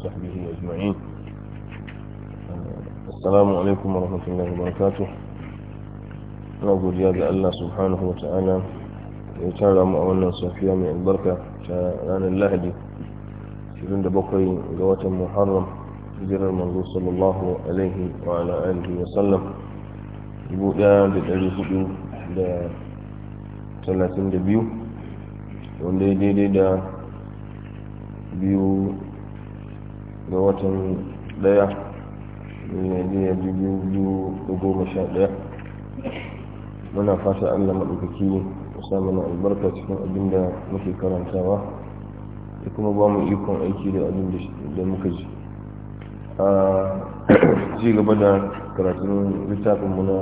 وصحبه أجمعين السلام عليكم ورحمة الله وبركاته na godiya Allah subhanahu wa ta'ala da ya tara mu a wannan safiya mai albarka ta ranar lahadi 27 ga watan muharram hijirar manzo sallallahu alaihi wa ala da wa sallam 1432 wanda ya daidai da biyu ga watan daya miliyar dubu biyu da goma sha daya muna fata allah maɗaukaki ya sa mana albarka cikin abin da muke karantawa da kuma ba mu ikon aiki da abin da muka ji a ci gaba da karatun littafin muna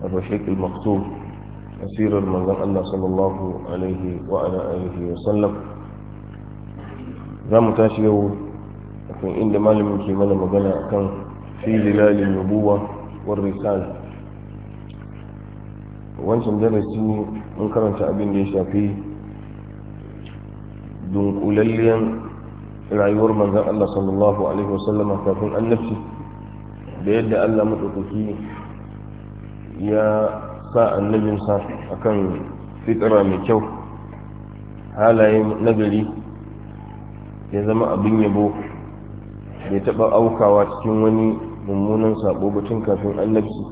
الرشيق المكتوب أسير المنزل الله صلى الله عليه وعلى آله وسلم za mu tashi yau akan inda malamin ke mana magana akan fi zilalin nubuwa war risala wancan darasi mun karanta abin da ya shafi dunkulalliyan rayuwar manzan Allah sallallahu alaihi wasallama kafin annabci da yadda Allah maɗaukaki ya sa annabinsa akan fitara mai kyau halayen nagari ya zama abin yabo bai taɓa aukawa cikin wani mummunan sabo batun kafin annabci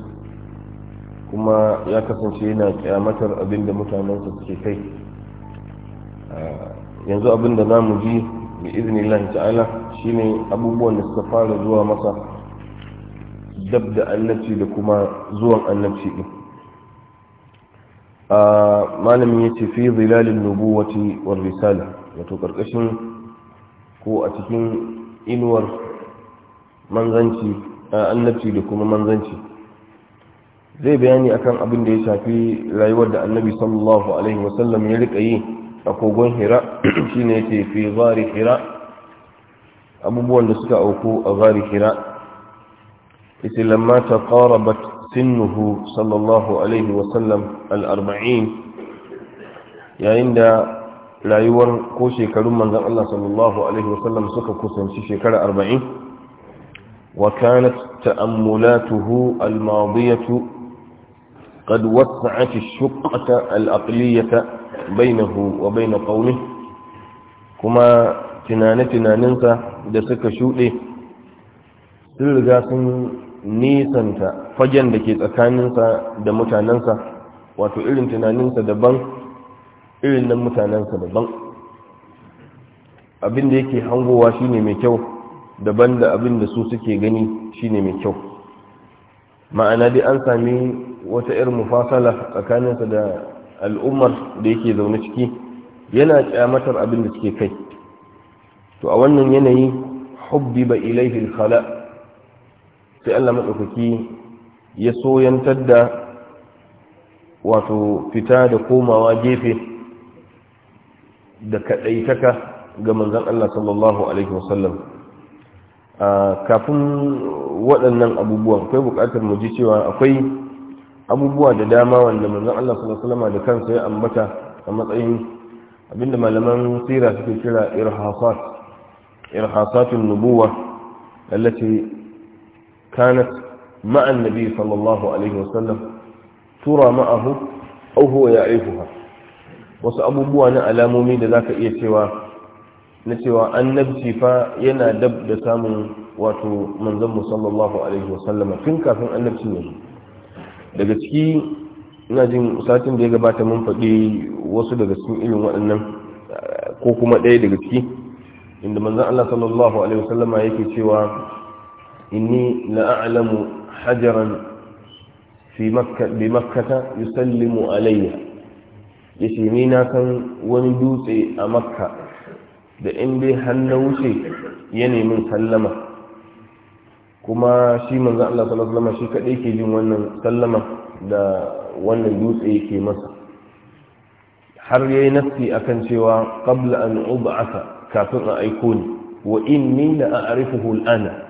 kuma ya kasance yana kyamatar abin da mutanensa suke kai yanzu abin da za mu ji bi izini ta'ala shine abubuwan da suka fara zuwa masa dab da annabci da kuma zuwan annabci din malamin yace fi zilalin nubuwati war risala wato karkashin ko a cikin inuwar manzanci annabci da kuma manzanci zai bayani akan abin da ya shafi rayuwar da annabi sallallahu alaihi wasallam ya rika yi a kogon hira shine yake fi zari hira abubuwan da suka auku a zari hira ita lamma ta qarabat sinnuhu sallallahu alaihi wasallam al-arba'in yayin da rayuwar ko shekarun manzan Allah sallallahu alaihi wasallam suka kusanci shekara arba'in وكانت تأملاته الماضية قد وسعت الشقة الأقلية بينه وبين قومه كما تنانتنا ننسى دسك شوئه سلغا سن nisanta fagen da ke tsakaninsa da mutanensa wato irin tunaninsa daban irin nan mutanensa daban abin da yake hangowa shine mai kyau daban da abin da su suke gani shine mai kyau ma'ana dai an sami wata irin mufasala tsakaninsa da al'ummar da yake zaune ciki yana kyamatar abin da suke kai to a wannan yanayi hubbi ba ilaihi khala sai Allah madaukaki ya soyantar da wato fita da komawa gefe da kadaitaka ga manzon Allah sallallahu alaihi wasallam kafin waɗannan abubuwan akwai buƙatar mu ji cewa akwai abubuwa da dama wanda manzon Allah sallallahu alaihi wasallam da kansa ya ambata a matsayin abinda malaman sira suke kira irhasat irhasatun nubuwa allati kanat ma'a annabi sallallahu alaihi wasallam tura ma'ahu aw huwa ya'ifuha wasu abubuwa na alamomi da zaka iya cewa na cewa annabci fa yana dab da samun wato manzon mu sallallahu alaihi wasallama tun kafin annabci ne daga ciki ina jin satin da ya gabata mun faɗi wasu daga cikin irin waɗannan ko kuma ɗaya daga ciki inda manzon Allah sallallahu alaihi wasallama yake cewa inni la'alamu hajaran fi makka bi makkata yusallimu alayya yace ni na kan wani dutse a makka da in dai hannu wuce ya nemin sallama kuma shi manzan Allah sallallahu shi kadai ke jin wannan sallama da wannan dutse yake masa har yayi a akan cewa qabla an aka kafin a aiko ni wa inni la a'rifuhu al'ana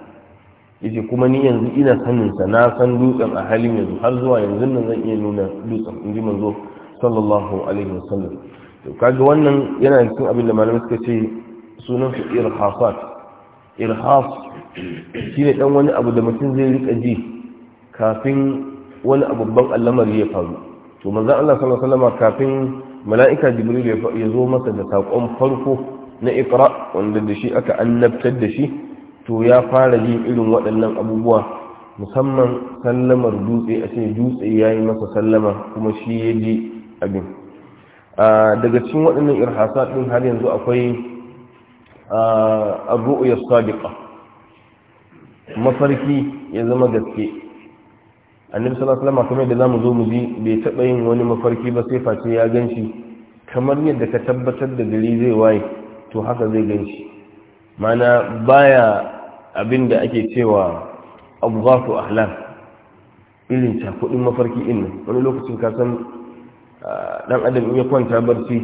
yace kuma ni yanzu ina sanin na san dutsen a halin yanzu har zuwa yanzu nan zan iya nuna dutsen inji manzo sallallahu alaihi wasallam to kaga wannan yana cikin abin da malamai suka ce sunan su irhaf irhas shine dan wani abu da mutum zai rika ji kafin wani babban al'amari ya faru to manzo Allah sallallahu alaihi wasallam kafin mala'ika jibril ya zo masa da sakon farko na iqra wanda da shi aka annabtar da shi to ya fara ji irin waɗannan abubuwa musamman sallamar dutse a ce dutse ya yi masa sallama kuma shi ya ji abin daga cikin waɗannan irhasa ɗin har yanzu akwai arru'u ya sadiqa mafarki ya zama gaske annabi sallallahu alaihi wasallam kamar da zamu zo mu ji bai taɓa yin wani mafarki ba sai face ya ganshi kamar yadda ka tabbatar da gari zai waye to haka zai ganshi mana baya abin da ake cewa abu halar irin cakudin mafarki inna wani lokacin kasan dan adam in ya kwanta barci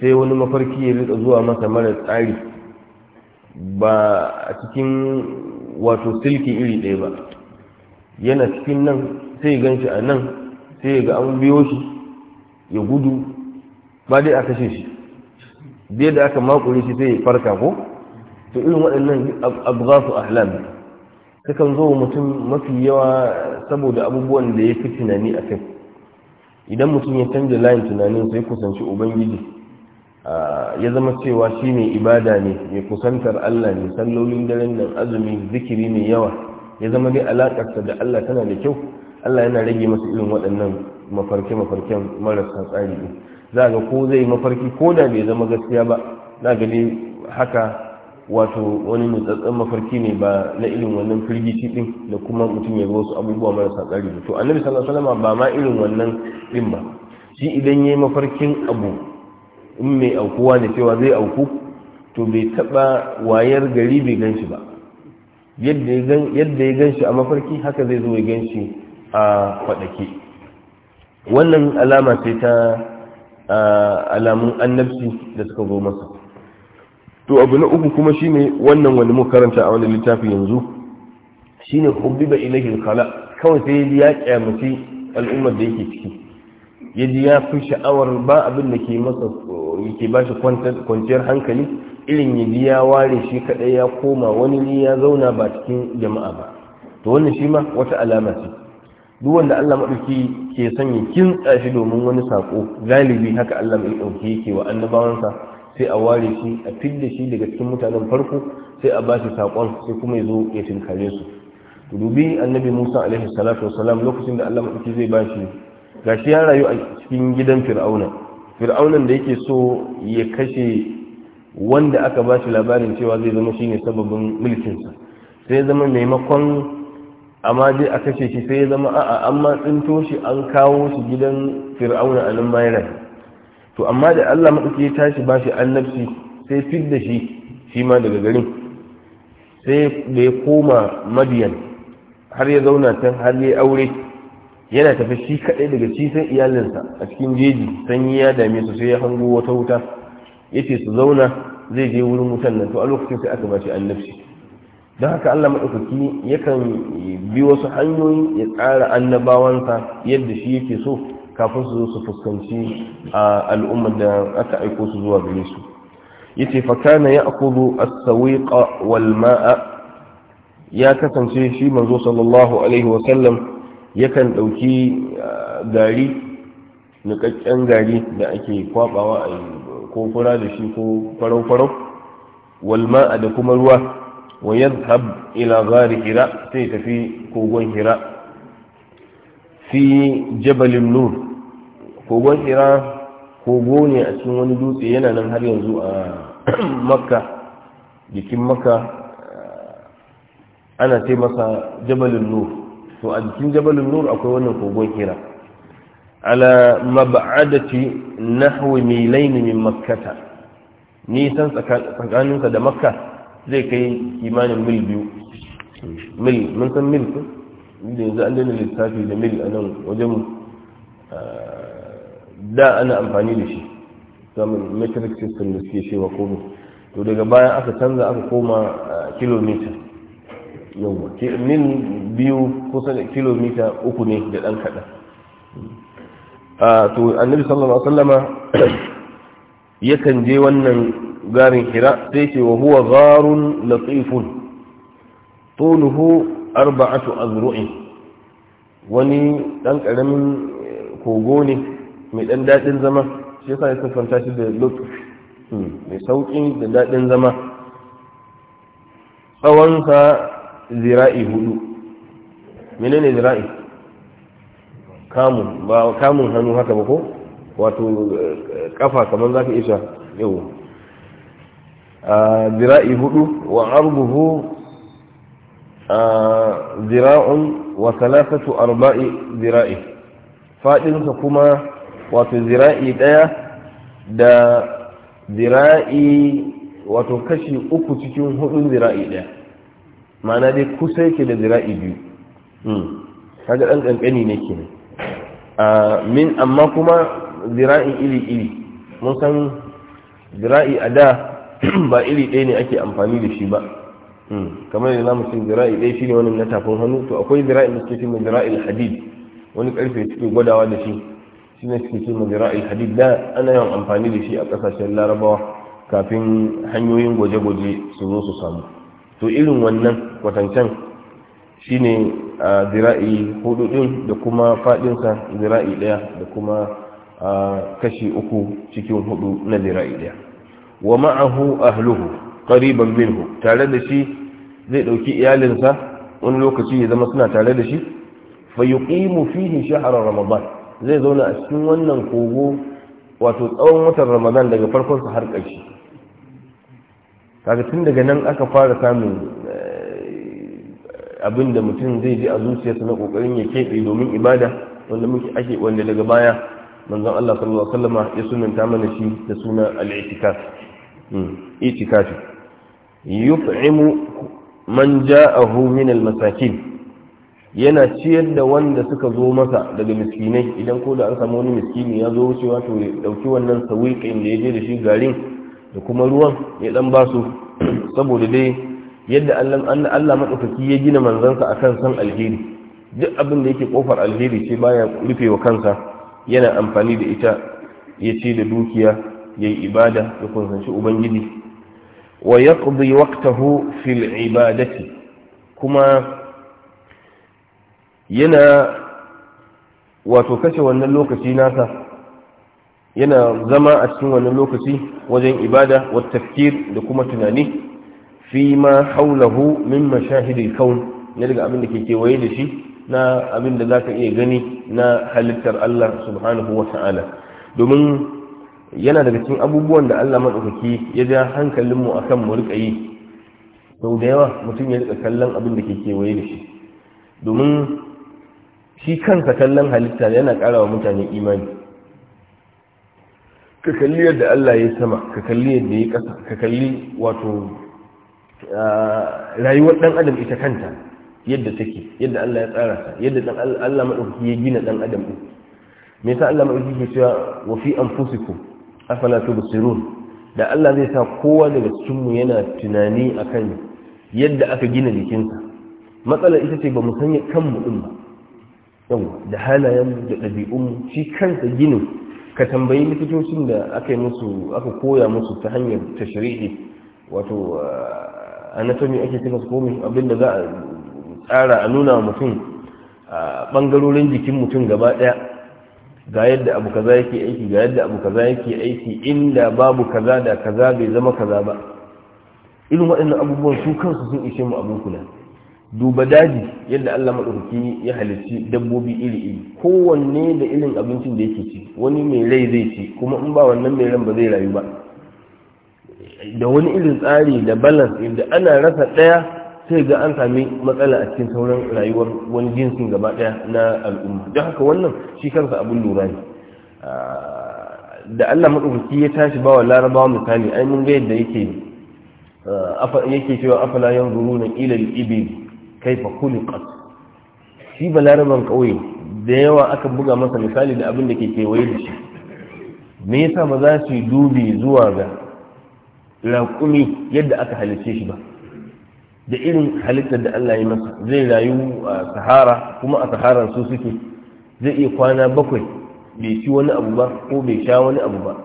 sai wani mafarki ya rika zuwa masa mara tsari ba a cikin wato silki iri ɗaya ba yana cikin nan sai gan shi a nan sai ga an biyo shi ya gudu ba dai a kashe shi biyar da aka makure shi sai ya farka ko to irin waɗannan abgasu ahlam sukan zo mutum mafi yawa saboda abubuwan da ya fi tunani a kai idan mutum ya canza layin tunanin sai kusanci ubangiji ya zama cewa shi ne ibada ne mai kusantar allah ne sallolin daren nan azumi zikiri mai yawa ya zama dai alakarsa da allah tana da kyau allah yana rage masa irin waɗannan mafarke-mafarken marasa tsari za ga ko zai mafarki ko da bai zama gaskiya ba za ga haka wato wani mutsatsen mafarki ne ba na irin wannan firgici din da kuma mutum ya wasu abubuwa marasa tsari to annabi sallallahu alaihi wasallam ba ma irin wannan din ba shi idan yayi mafarkin abu in mai aukuwa ne cewa zai auku to bai taba wayar gari bai ganshi ba yadda ya gan yadda ya ganshi a mafarki haka zai zo ya ganshi a fadake wannan alama ce ta alamun annabci da suka zo masa to abu na uku kuma shine wannan wani mu karanta a wani littafi yanzu shine hubbiba ilayhi al-khala kawai sai ya kyamaci al'ummar da yake ciki yaji ya fi sha'awar ba abin da ke masa yake bashi kwanciyar hankali irin yaji ya ware shi kadai ya koma wani ne ya zauna ba cikin jama'a ba to wannan shi ma wata alama ce duk wanda Allah madauki ke sanya kintsa shi domin wani sako galibi haka Allah mai dauke yake wa annabawansa sai a ware shi a fidda shi daga cikin mutanen farko sai a ba shi sakon sai kuma ya zo ya tinkare su dubi annabi Musa alaihi salatu wassalam lokacin da Allah madauki zai ba bashi gashi ya rayu a cikin gidan Fir'auna Fir'aunan da yake so ya kashe wanda aka ba shi labarin cewa zai zama shine sababin mulkinsa sai zama maimakon amma dai a kashe shi sai ya zama a'a amma tsinto shi an kawo shi gidan Fir'auna a nan bayan to amma da Allah maɗauki ya tashi ba shi annabci sai fit da shi shi ma daga garin sai da ya koma madiyan har ya zauna can har ya aure yana tafi shi kaɗai daga cisan iyalinsa a cikin jeji sanyi ya dame su sai ya hango wata wuta ya ce su zauna zai je wurin wutan nan to a lokacin sai aka ba shi annabci don haka allah maɗaukaki yakan bi wasu hanyoyi ya tsara annabawansa yadda shi yake so kafin su zo su fuskanci a al'ummar da aka aiko su zuwa gare su yace fa kana ya'khudhu as-sawiq wal ma'a ya kasance shi manzo sallallahu alaihi wa sallam yakan dauki gari nukakken gari da ake kwabawa a ko fura da shi ko farau farau wal ma'a da kuma ruwa wa yadhhab ila ghari hira sai tafi kogon hira fi jabalin nur kogon ira kogo ne a cikin wani dutse yana nan har yanzu a makka jikin makka ana ce masa jabalin nur to a jikin jabalin nur akwai wannan kogon hira ala mab'adati nahwi milaini min makkata nisan tsakaninsa da makka zai kai kimanin mil biyu mil mun san mil inda yanzu an daina littafi da mil a nan wajen ah, da ana amfani da shi samun metric system da suke cewa komai to daga bayan aka canza aka koma ah, kilomita mil biyu kusa da kilomita uku ne da ɗan kaɗan ah, to annabi sallallahu alaihi wasallama yakan je wannan garin hira sai ce wa huwa gharun latifun طوله arba'atu azru'in wani dan karamin eh, kogo ne mai dan dadin zama shi yasa ya siffanta shi da lutf hmm, mai saukin da dadin zama tsawonsa zira'i hudu menene zira'i kamun ba kamun hannu haka ba ko wato kafa eh, kamar zaka isa yau ah, zira'i hudu wa arbuhu zira'un wa salasatu arba'i zira'i fadinsa kuma wato zira'i ɗaya da zira'i wato kashi uku cikin hudun zira'i ɗaya ma'ana dai kusa yake da zira'i biyu kaga dan ƙanƙani ne ke min amma kuma zira'i iri iri mun san zira'i a da ba iri ɗaya ne ake amfani da shi ba kamar yanzu zamu ce zira'i ɗaya shine wani na tafin hannu to akwai zira'i da suke cin mai hadid wani karfe suke gwadawa da shi shi ne suke cin mai hadid da ana yawan amfani da shi a ƙasashen larabawa kafin hanyoyin gwaje-gwaje su zo su samu to irin wannan kwatancen shine a zira'i hudu ɗin da kuma fadinsa zira'i ɗaya da kuma kashi uku cikin hudu na zira'i ɗaya wa ma'ahu ahluhu qariban minhu tare da shi zai dauki iyalinsa wani lokaci ya zama suna tare da shi fa yuqimu fihi shahra ramadan zai zauna a cikin wannan kogo wato tsawon watan ramadan daga farkon sa har ƙarshe kaga tun daga nan aka fara samun eh, abinda da mutum zai ji a zuciyarsa na kokarin ya keɓe domin ibada wanda muke ake wanda daga baya manzon Allah sallallahu alaihi wasallama ya sunanta mana shi da suna al-i'tikaf hmm, itikafi yuf'imu man ja'ahu min al-masakin yana ciyar da wanda suka zo masa daga miskinai idan ko da an samu wani miskini ya zo wuce to ya dauki wannan sawiqin da ya je da shi garin da kuma ruwan ya dan basu saboda dai yadda Allah Allah madaukaki ya gina manzansa akan san alheri duk abin da yake kofar alheri ce baya rufe wa kansa yana amfani da ita ya ce da dukiya yayi ibada ya kunsanci ubangiji wa yaqdi waqtahu fil ibadati kuma yana wato kashe wannan zama a cikin wannan lokaci wajen ibada wa da kuma tunani fi ma haulahu min mashahidil kaun ne daga abin da ke kewaye da shi na abin da za ka iya gani na halittar Allah subhanahu wa ta'ala domin yana daga cikin abubuwan da Allah maɗaukaki ya ja hankalinmu a kan mu yi sau da yawa mutum ya rika kallon abin da ke kewaye da shi domin shi kansa kallon halitta yana ƙara wa mutane imani ka kalli yadda Allah ya sama ka kalli yadda ya ƙasa ka kalli wato rayuwar ɗan adam ita kanta yadda take yadda Allah ya tsara ta yadda Allah maɗaukaki ya gina ɗan adam ɗin me yasa Allah maɗaukaki ke cewa wa fi anfusikum afala basirun da Allah zai sa kowa daga cikin mu yana tunani akan yadda aka gina jikinsa matsalar ita ce ba mu sanya kanmu din ba yawa da halayen da ɗabi'un shi kansa ginin ka tambayi likitocin da aka yi musu aka koya musu ta hanyar tashri'i wato uh, anatomy ake cewa su komai abinda za a tsara a nuna mutum a uh, bangarorin jikin mutum gaba ɗaya ga yadda abu kaza yake aiki ga yadda abu kaza yake aiki inda babu kaza da kaza bai zama kaza ba irin waɗannan abubuwan su kansu sun ishe mu abin kula duba daji yadda Allah madauki ya halicci dabbobi iri-iri kowanne da irin abincin da yake ci wani mai rai zai ci kuma in ba wannan mai ran ba zai rayu ba da wani irin tsari da balance inda ana rasa ɗaya sai ga an sami matsala a cikin sauran rayuwar wani jinsin gaba daya na al'umma don haka wannan shi kansa abin lura ne da Allah matsaukaki ya tashi bawa larabawa misali ai mun ga yadda yake eh, yake cewa afala ilal ila kai fa kuli khuliqat shi ba balaraban kauye da yawa aka buga masa misali da abin da ke kewaye da shi me yasa ba za su dubi zuwa ga raƙumi yadda aka halice shi ba da irin halittar da Allah ya masa zai rayu a sahara kuma a saharan su suke zai iya kwana bakwai bai ci wani abu ba ko bai sha wani abu ba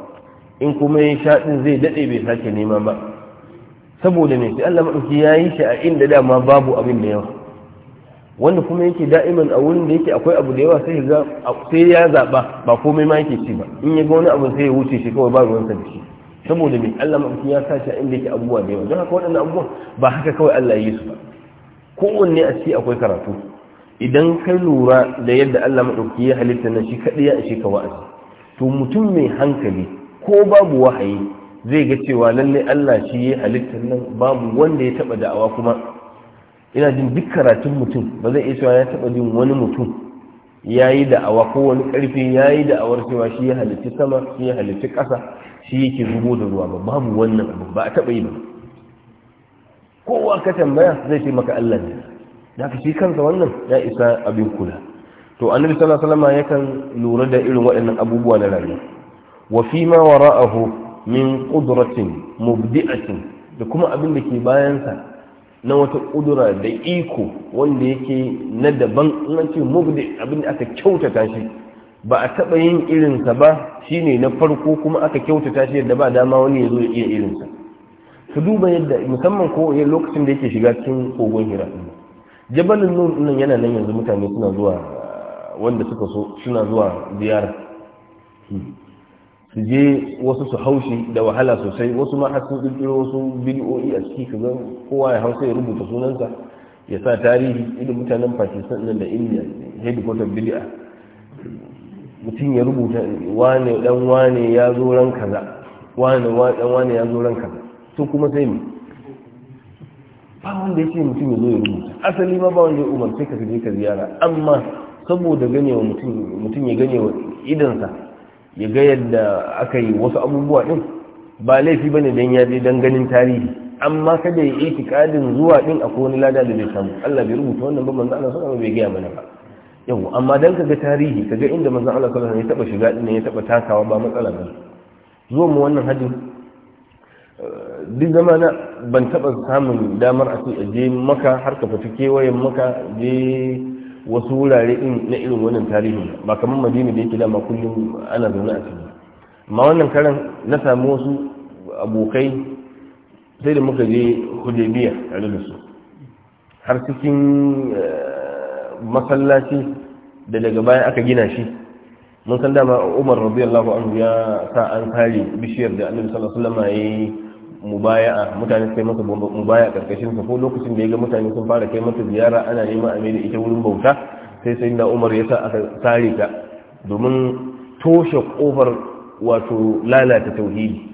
in kuma ya sha din zai dade bai sake nema ba saboda me sai Allah madauki ya yi shi a inda dama babu abin da yawa wanda kuma yake da'iman a wurin da yake akwai abu da yawa sai ya zaba ba komai ma yake ci ba in ya ga wani abu sai ya wuce shi kawai ba sa da shi saboda mai Allah mafi ya sa shi inda yake abubuwa da yawa don haka waɗannan abubuwa ba haka kawai Allah ya yi su ba kowanne a ciki akwai karatu idan kai lura da yadda Allah maɗauki ya halitta na shi kaɗai ya ishe ka wa'azi to mutum mai hankali ko babu wahayi zai ga cewa lalle Allah shi ya halitta nan babu wanda ya taɓa da'awa kuma ina jin duk karatun mutum ba zai iya cewa ya taɓa jin wani mutum ya yi da'awa ko wani ƙarfi ya yi da'awar cewa shi ya halitti sama shi ya halitti ƙasa shi yake zubo da ruwa ba babu wannan abu ba a taɓa yi ba kowa ka tambaya zai ce maka Allah ne da ka shi kansa wannan ya isa abin kula to annabi sallallahu alaihi wasallam yakan lura da irin waɗannan abubuwa na rayuwa wa fi ma wara'ahu min qudratin mubdi'atin da kuma abin da ke bayansa na wata ƙudura da iko wanda yake na daban na ce mugdi abin aka kyautata shi ba a taɓa yin irinsa ba shi ne na farko kuma aka kyautata shi yadda ba dama wani ya zo ya iya irinsa su duba yadda musamman ko lokacin da yake shiga cikin kogon hira jabalin nun nan yana nan yanzu mutane suna zuwa wanda suka so suna zuwa ziyara hmm. su je wasu su haushi da wahala sosai wasu ma har sun kirkiro wasu bilo'i a ciki kaga kowa ya hausa ya rubuta sunansa ya sa tarihi irin mutanen pakistan nan da india headquarter bili'a mutum ya rubuta wane dan wane ya zo ran kaza wane dan wane ya zo ran kaza to kuma sai mu ba wanda ya ce mutum ya zo ya rubuta asali ma ba wanda ya umarce ka je ka ziyara amma saboda ganewa mutum mutum ya ganewa idansa ya ga yadda aka yi wasu abubuwa din ba laifi ba ne don ya je don ganin tarihi amma kada ya itikadin zuwa din a kowane lada da bai samu Allah bai rubuta wannan ba manzo Allah sallallahu bai gaya mana ba yau amma dan ga tarihi ka ga inda mazan Allah sallallahu alaihi ya taba shiga ɗin ya taba takawa ba matsala ba zuwa mu wannan hadin duk zamana ban taba samun damar a je maka har ka fita kewayen maka je wasu wurare na irin wannan tarihin ba kamar madina da yake dama kullum ana zaune a ciki amma wannan karan na samu wasu abokai sai da muka je hudebiya tare da su har cikin eh, masallaci da daga baya aka gina shi mun san dama umar radiyallahu anhu ya sa an kare bishiyar da annabi sallallahu alaihi wasallam mubaya'a mutane sai masa mubaya karkashin sa ko lokacin da ya ga mutane sun fara kai masa ziyara ana neman a mai da ita wurin bauta sai sai da Umar ya sa aka sare ta domin toshe kofar wato lalata tauhidi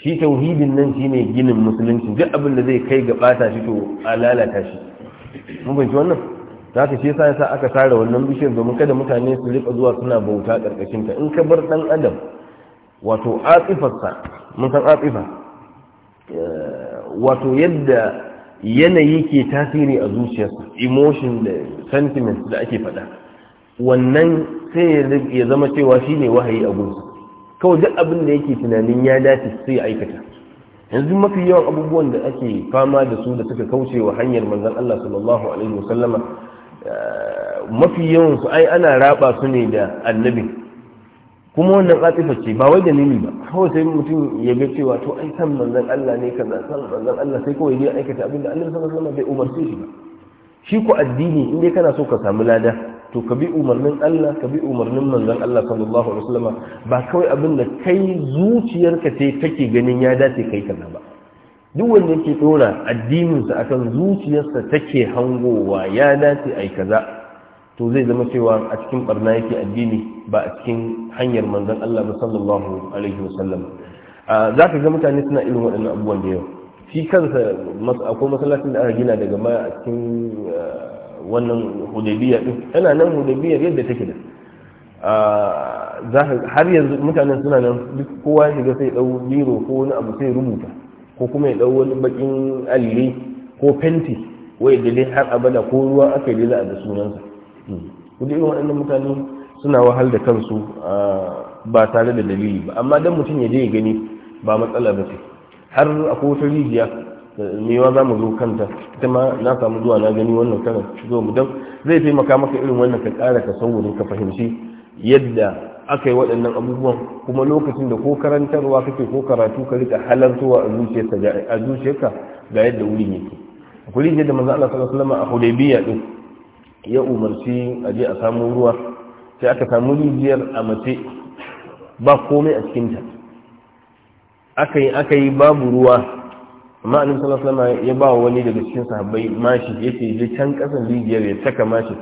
shi tauhidin nan shine ginin musulunci duk abin da zai kai ga bata shi to a lalata shi mun fahimci wannan za ka ce sa aka sare wannan bishiyar domin kada mutane su rika zuwa suna bauta karkashin ta in ka bar dan adam wato atifarsa mun san atifa wato yadda yanayi ke tasiri a zuciyarsa emotion da sentiment da ake faɗa wannan sai ya zama cewa shine wahayi a gunsa kawai duk abin da yake tunanin ya dace sai ya aikata yanzu mafi yawan abubuwan da ake fama da su da suka kauce wa hanyar manzon Allah sallallahu alaihi wasallama eh, mafi yawan su ai ana raba su ne da annabi kuma wannan atifa ce ba wai dalili ba kawai sai mutum ya ga cewa to ai san manzon Allah ne kaza san manzon Allah sai kawai ya aikata abinda Allah sallallahu alaihi wasallam bai umarce shi ba shi ko addini in dai kana so ka samu lada to ka bi umarnin Allah ka bi umarnin manzon Allah sallallahu alaihi wasallam ba kawai abinda kai zuciyarka ce take ganin ya dace kai kaza ba duk wanda yake dora addininsa akan zuciyarsa take hangowa ya dace ai kaza to zai zama cewa a cikin barna yake addini ba a cikin hanyar manzon Allah ba sallallahu alaihi wasallam za ka ga mutane suna irin waɗannan abubuwan da yau shi kansa akwai masallacin da aka gina daga ma a cikin wannan hudabiya din tana nan hudabiya yadda take da har yanzu mutanen suna nan duk kowa ya shiga sai dau biro ko wani abu sai rubuta ko kuma ya dau wani bakin alli ko fenti wai dai har abada ko ruwa aka yi da sunansa kudi irin waɗannan mutane suna wahal da kansu ba tare da dalili ba amma don mutum ya je ya gani ba matsala ba ce har a wata rijiya mewa za mu zo kanta ita ma na samu zuwa na gani wannan karan zo mu don zai taimaka maka irin wannan ka ƙara ka saurin ka fahimci yadda aka yi waɗannan abubuwan kuma lokacin da ko karantarwa kake ko karatu ka rika halartowa a zuciyarka ga yadda wurin yake ku rijiyar da manzo Allah sallallahu alaihi wasallam a Hudaybiya din ya umarci a a samu ruwa sai aka samu rijiyar a mace ba komai a cikinta aka yi aka yi babu ruwa amma annabi sallallahu alaihi wasallam ya ba wani daga cikin sahabai mashi yace je can kasan rijiyar ya taka mashi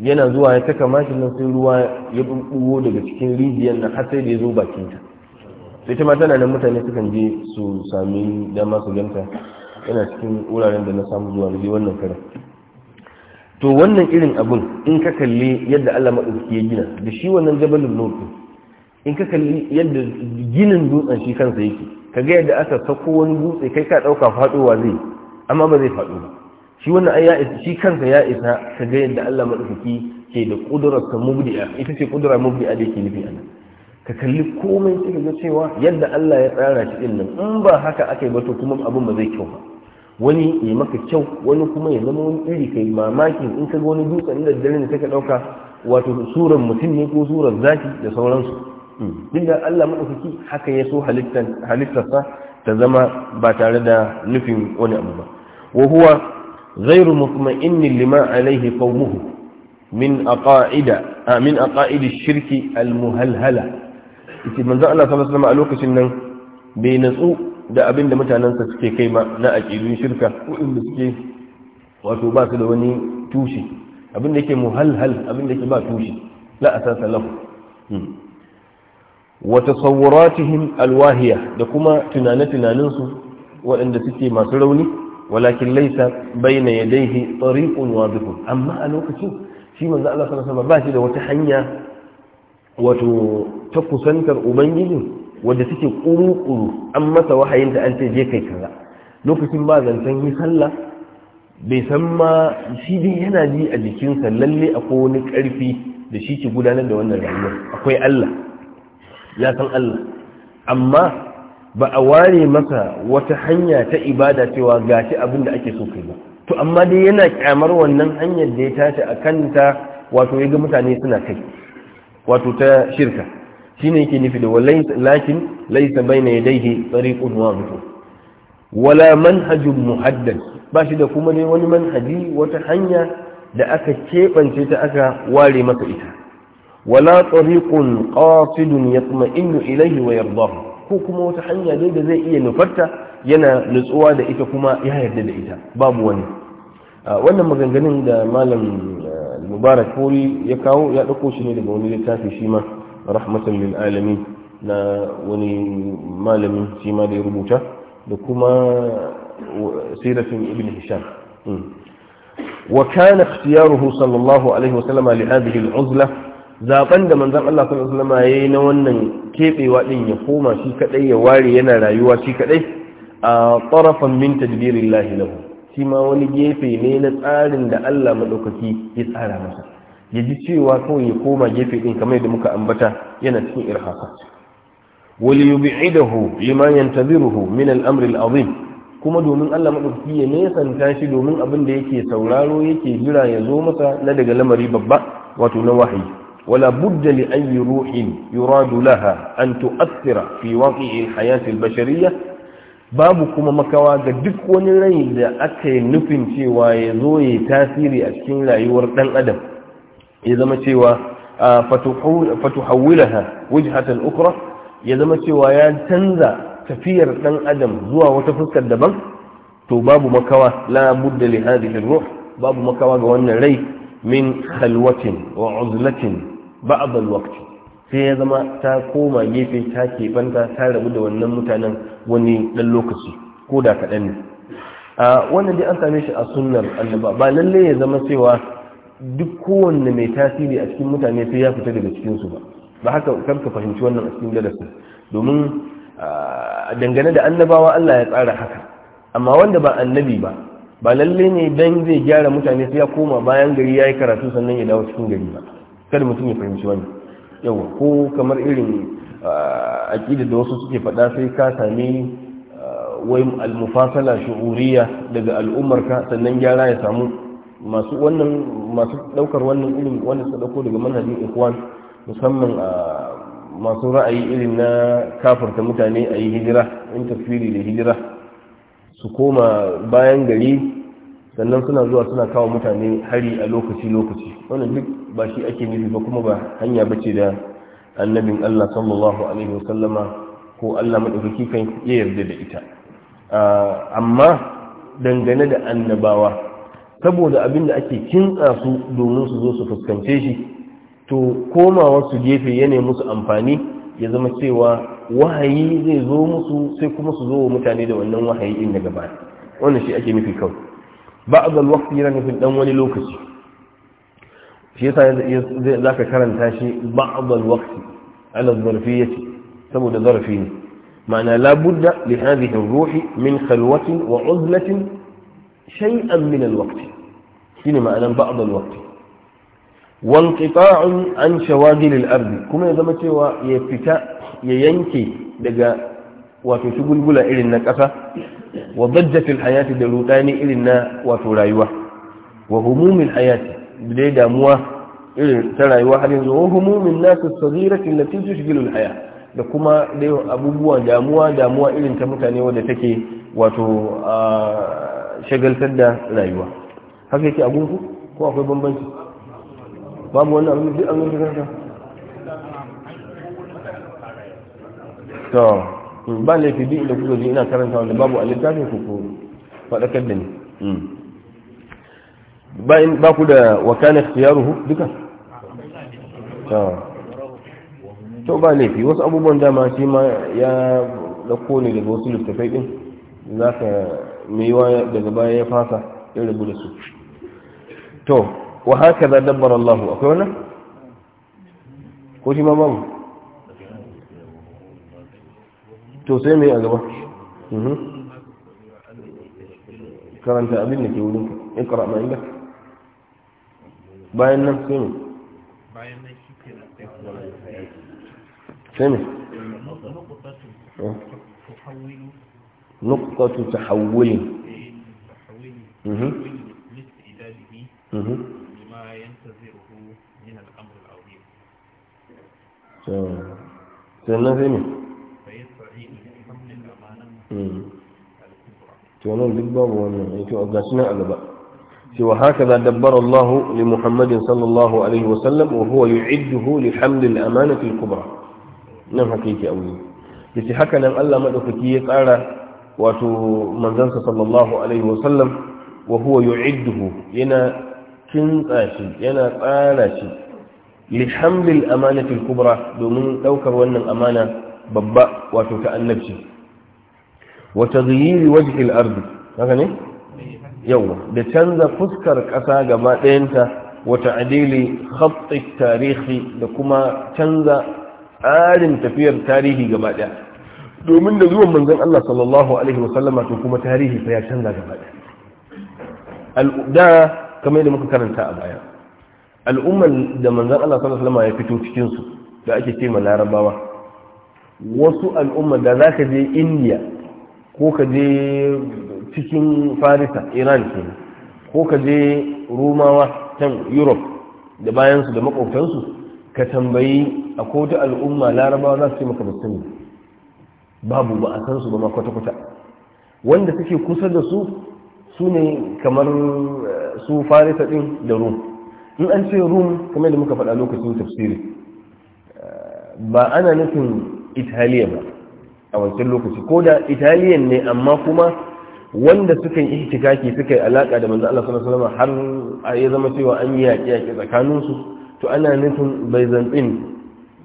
yana zuwa ya taka mashi nan sai ruwa ya bubbugo daga cikin rijiyar nan har da ya zo bakinta sai ta ma tana nan mutane sukan je su sami dama su ganta yana cikin wuraren da na samu zuwa na wannan kara to wannan irin abun in ka kalli yadda Allah maɗauki ya gina da shi wannan jabalin nufi in ka kalli yadda ginin dutsen shi kansa yake ka ga yadda aka sako wani dutse kai ka ɗauka faɗowa zai amma ba zai faɗo ba shi wannan ai shi kansa ya isa ka ga yadda Allah maɗauki ke da ƙudurarsa mubdi'a ita ce ƙudura mubdi'a da yake nufi a nan ka kalli komai sai ka ga cewa yadda Allah ya tsara shi din nan in ba haka aka yi ba to kuma abin ba zai kyau ba wani ya maka kyau wani kuma ya zama wani iri kai mamakin in ka ga wani dutsen da dare da take dauka wato suran mutum ne ko suran zaki da sauransu duk da Allah madaukaki haka ya so halittar halittarsa ta zama ba tare da nufin wani abu ba wa huwa ghairu mutma'innin lima alaihi qaumuhu min aqaida min aqaid shirki al-muhalhala ita manzo Allah sallallahu alaihi wasallam a lokacin nan bai natsu da abin da mutanensa suke kai ma na aƙidun shirka waɗanda suke wato ba su da wani tushe abin da yake muhalhal abin da yake ba tushe la asasa lahu hmm. wa alwahiya da kuma tunane tunaninsu waɗanda suke masu rauni walakin laysa bayna yadayhi tariqun wadihun amma a lokacin shi manzo Allah sallallahu alaihi wasallam ba shi da wata hanya wato ta kusantar ubangiji wanda suke ƙuru ƙuru an masa wahayin wahayinta an ce je kai kaza lokacin ba zancen yi sallah bai san ma shi dai yana ji a jikin sa lalle akwai wani ƙarfi da shi ke gudanar da wannan rayuwar akwai Allah ya san Allah amma ba a ware masa wata hanya ta ibada cewa ga shi abin da ake so kai ba to amma dai yana kyamar wannan hanyar da ya tashi a kanta wato ya ga mutane suna kai wato ta shirka shine yake nufi da wallahi lakin laysa bayna yadayhi tariqun wadih wala manhajun muhaddad ba shi da kuma ne wani manhaji wata hanya da aka keɓance ta aka ware masa ita wala tariqun qasidun yatma'innu ilayhi wa yardahu ko kuma wata hanya dai da zai iya nufarta yana nutsuwa da ita kuma ya yarda da ita babu wani wannan maganganun da malam eh, mubarak fori ya kawo ya ɗauko shi ne daga wani littafi shi ma rahmatan lil alamin na wani malamin shi ma da ya rubuta da kuma sirafin ibn hisham وكان اختياره صلى الله عليه وسلم da manzon Allah sallallahu alaihi wasallam yayi na wannan kebewa din ya koma shi kadai ya ware yana rayuwa shi kadai a tarafan min tadbirillahi lahu shi ma wani gefe ne na tsarin da Allah madaukaki ya tsara masa ya ji cewa kawai ya koma gefe ɗin kamar yadda muka ambata yana cikin irhaqat wali yub'idahu liman yantaziruhu min al-amri azim kuma domin Allah madaukaki ya nesanta shi domin abin da yake sauraro yake jira ya zo masa na daga lamari babba wato na wahayi wala budda li ayyi ruhin yuradu laha an tu'athira fi waqi'i hayati al-bashariyya babu kuma makawa ga duk wani rai da aka yi nufin cewa ya zo ya tasiri a cikin rayuwar dan adam ya zama cewa fatuhawwilaha wajhatan ukra ya zama cewa ya canza tafiyar dan adam zuwa wata fuskar daban to babu makawa la budda li hadhihi ruh babu makawa ga wannan rai min khalwatin wa uzlatin ba'd al-waqt sai ya zama ta koma gefe ta kebanta ta rabu da wannan mutanen wani dan lokaci ko da kadan ne wannan dai an same shi a sunnar annaba ba lalle ya zama cewa duk kowanne mai tasiri a cikin mutane sai ya fita daga cikinsu ba ba haka karka fahimci wannan a cikin darasi domin ah, dangane da annabawa Allah ya tsara haka amma wanda ba annabi ba ba lalle ne dan zai gyara mutane sai ya koma bayan gari ya yi karatu sannan ya dawo cikin gari ba kada mutum ya fahimci wannan yawa ko kamar irin ah, aƙida da wasu suke faɗa sai ka sami ah, wai almufasala shu'uriya daga al'ummarka sannan gyara ya samu masu wannan masu daukar wannan irin wanda suka dauko daga manhajin ikwan musamman a ah, masu ra'ayi irin na kafarta mutane a yi hijira in tafiri da hijira su koma bayan gari sannan suna zuwa suna kawo mutane hari a lokaci-lokaci wannan duk ba shi ake nufi ba kuma ba hanya ce da annabin Allah sallallahu alaihi wasallama ko Allah maɗaukaki kan iya yarda da ita ah, amma dangane da annabawa saboda abin da ake kintsa su domin su zo su fuskance shi to komawa su gefe ya musu amfani ya zama cewa wahayi zai zo musu sai kuma su zo wa mutane da wannan wahayi din daga baya wannan shi ake nufi kawai ba'd al-waqt nufin dan wani lokaci shi yasa zai zaka karanta shi ba'd al-waqt ala zarfiyyati saboda zarfi ne ma'ana labudda budda li hadhihi ar-ruhi min khalwatin wa uzlatin shay'an min al-waqt shine ma'anan ba'd al-waqt wanqita'un an shawagil al kuma ya zama cewa ya fita ya yanke daga wato shugulgula irin na ƙasa wa dajjatil da rudani irin na wato rayuwa wa humumin hayati da damuwa irin ta rayuwa da kuma dai abubuwa damuwa damuwa irin ta mutane wadda take wato shagaltar da rayuwa haka yake abun ku ko akwai bambanci babu wani abin da an yi shagaltar to hmm, ba laifi biyu da kuka ji ina karanta wanda babu a littafin ku ko faɗakar da ni hmm. ba ku da wakana ikhtiyaruhu duka to ba laifi wasu abubuwan dama shi ma ya dauko ne daga wasu littafai din za ka mai yiwa daga baya ya fasa ya rabu da su to wa haka za dabbar Allah akwai wannan ko shi ma babu to sai mai a gaba karanta abin da ke wurin ka ikra ma inda bayan nan sai mai bayan nan shi ke sai mai نقطة تحول لاستعداده لما ينتظره من الأمر العظيم سنة فيستعين بحمل الأمانة yake a gashi nan a haka za dabbara Muhammadin sallallahu alaihi wa sallam wa huwa yu'idduhu li hamli al-amanati kubra nan aure Allah madaukaki ya tsara wato manzansa sallallahu alaihi wasallam wa huwa yu'idduhu yana kintsa shi yana tsara shi li amanati kubra domin daukar wannan amana babba wato ta annabci wa taghyir wajhi al haka ne yawa da canza fuskar kasa gaba wata wa ta'dili khatt tarihi da kuma canza tsarin tafiyar tarihi gaba domin da zuwan manzan Allah sallallahu alaihi wa to kuma tarihi fa ya canza gaba da kamar da muka karanta a baya al'umman da manzan Allah sallallahu alaihi wa ya fito cikinsu da ake ce ma larabawa wasu al'umma da zaka je India ko ka je cikin Farisa Iran kenan ko ka je rumawa can Europe da bayansu da makwabtansu ka tambayi a kotu al'umma larabawa za su ce maka da babu ba a san su ba ma kwata-kwata wanda suke kusa da su su ne kamar eh, su farisa din da rum in an ce rum kamar da muka faɗa lokacin tafsiri eh, ba ana nufin italiya ba a wancan lokaci ko da italiyan ne amma kuma wanda suka yi ihtikaki suka yi alaka da manzo Allah sallallahu alaihi wasallam har ya zama cewa an yi yaki yaki tsakanin su to ana nufin Byzantine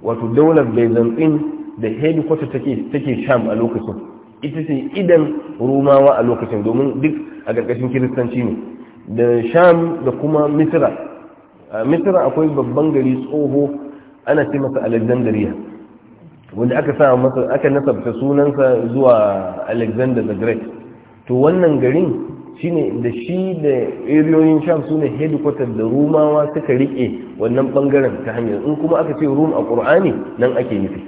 wato daular Byzantine da headquarter take sham a lokacin ita ce idan rumawa a lokacin domin duk a ƙarƙashin kiristanci ne da sham da kuma misira a misira akwai babban gari tsoho ana ce masa alexandria wanda aka sa masa aka nasabta sunansa zuwa alexander the great to wannan garin shine da shi da eriyoyin sham sune headquarter da rumawa suka rike wannan bangaren ta hanyar in kuma aka ce rum a qur'ani nan ake nufi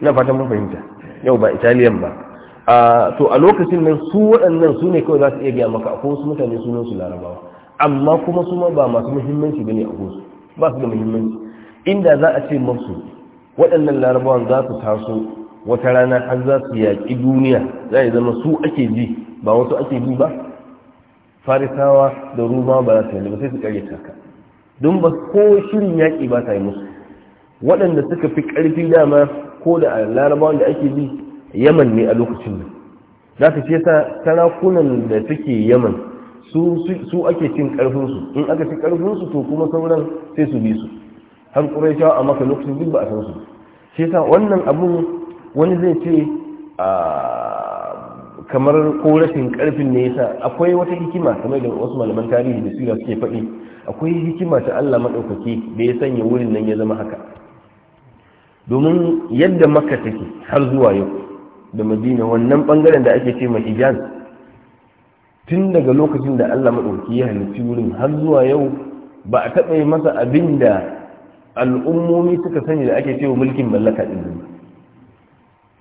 ina fatan mun fahimta yau ba italian ba to a lokacin nan su waɗannan su ne kawai za su iya gaya maka akwai wasu mutane sunan su larabawa amma kuma su ma ba masu muhimmanci bane a gosu ba su da muhimmanci inda za a ce masu waɗannan larabawan za su taso wata rana har za su yaƙi duniya za a zama su ake ji ba wasu ake bi ba farisawa da ruma ba za su yi ba sai su ƙaryata taka don ba ko shirin yaƙi ba ta yi musu waɗanda suka fi ƙarfi dama ko da a larabawan da ake bi yaman ne a lokacin da za ka ce sarakunan da suke yaman su ake cin ƙarfinsu in aka fi ƙarfinsu to kuma sauran sai su bi su har shawa a maka lokacin duk ba a san su ce sa wannan abu wani zai ce ah, kamar ko rashin ƙarfin ne yasa akwai wata hikima kamar da wasu malaman tarihi da sira suke faɗi akwai hikima ta Allah maɗaukaki da ya sanya wurin nan ya zama haka domin yadda maka take har zuwa yau da madina wannan bangaren da ake ce mai hijaz tun daga lokacin da allah maɗauki ya halitti wurin har zuwa yau ba a taɓa yi masa abin da al'ummomi suka sani da ake ce wa mulkin mallaka ɗin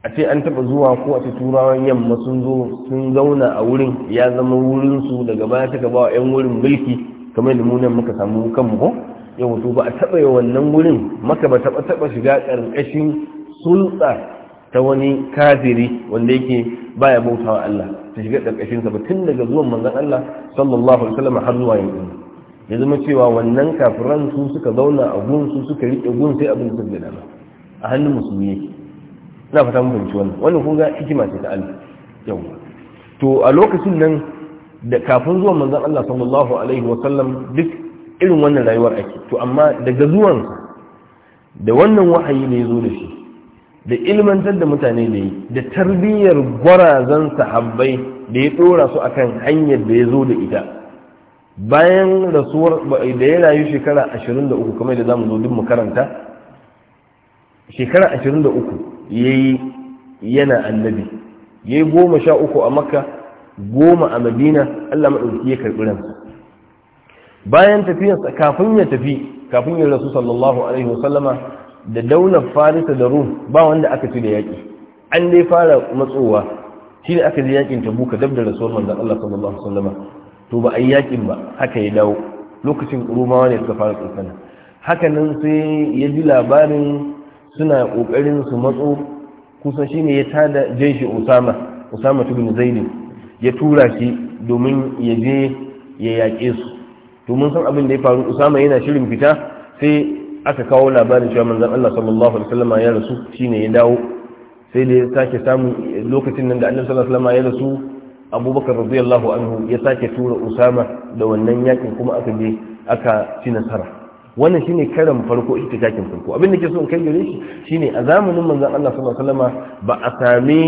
a ce an taɓa zuwa ko a ce turawan yamma sun zo sun zauna a wurin ya zama wurinsu daga baya suka ba wa 'yan wurin mulki kamar da mu nan muka samu kanmu ko yau to ba a taɓa yi wannan wurin maka ba taɓa taɓa shiga ƙarƙashin sulta ta wani kafiri wanda yake baya bautawa Allah ta shiga ƙarƙashin sa ba tun daga zuwan manzon Allah sallallahu alaihi wasallam har zuwa yanzu ya zama cewa wannan kafiran su suka zauna a gun su suka riƙe gun sai abin da ba. a hannun musulmi yake ina fata mun fahimci wannan wannan kun ga hikima ce ta Allah yau to a lokacin nan da kafin zuwan manzon Allah sallallahu alaihi wasallam duk irin wannan rayuwar ake to amma daga zuwan da wannan wahayi ne ya zo da shi da ilmantar da mutane da yi da tarbiyyar gwarazan sahabbai da ya dora su akan hanyar da ya zo da ita bayan rasuwar da ya rayu shekara 23 kamar da zamu zo duk mu karanta shekara 23 yayi yana annabi yayi goma a makka goma a madina Allah maɗauki ya karbi ransa bayan tafiyarsa kafin ya tafi kafin ya rasu sallallahu alaihi wasallama da daular farisa da rum ba wanda aka ci da yaƙi an dai fara matsowa shi ne aka ji yaƙin tabuka dab da rasuwar manzan allah sallallahu alaihi wasallama to ba a yi yaƙin ba haka ya dawo lokacin rumawa ne suka fara tsokana hakanan sai ya ji labarin suna ƙoƙarin su matso kusan shi ne ya tada jeshi usama usama tubin zaidin ya tura shi domin ya je ya yaƙe su to mun san abin da ya faru usama yana shirin fita sai aka kawo labarin cewa manzon Allah sallallahu alaihi wasallam ya rasu shine ya dawo sai da ya sake samu lokacin nan da annabi sallallahu alaihi wasallam ya rasu abubakar radiyallahu anhu ya sake tura usama da wannan yakin kuma aka je aka ci nasara wannan shine karan farko ita takin farko abin da ke so in kai gare shi shine a zamanin manzon Allah sallallahu alaihi wasallam ba a sami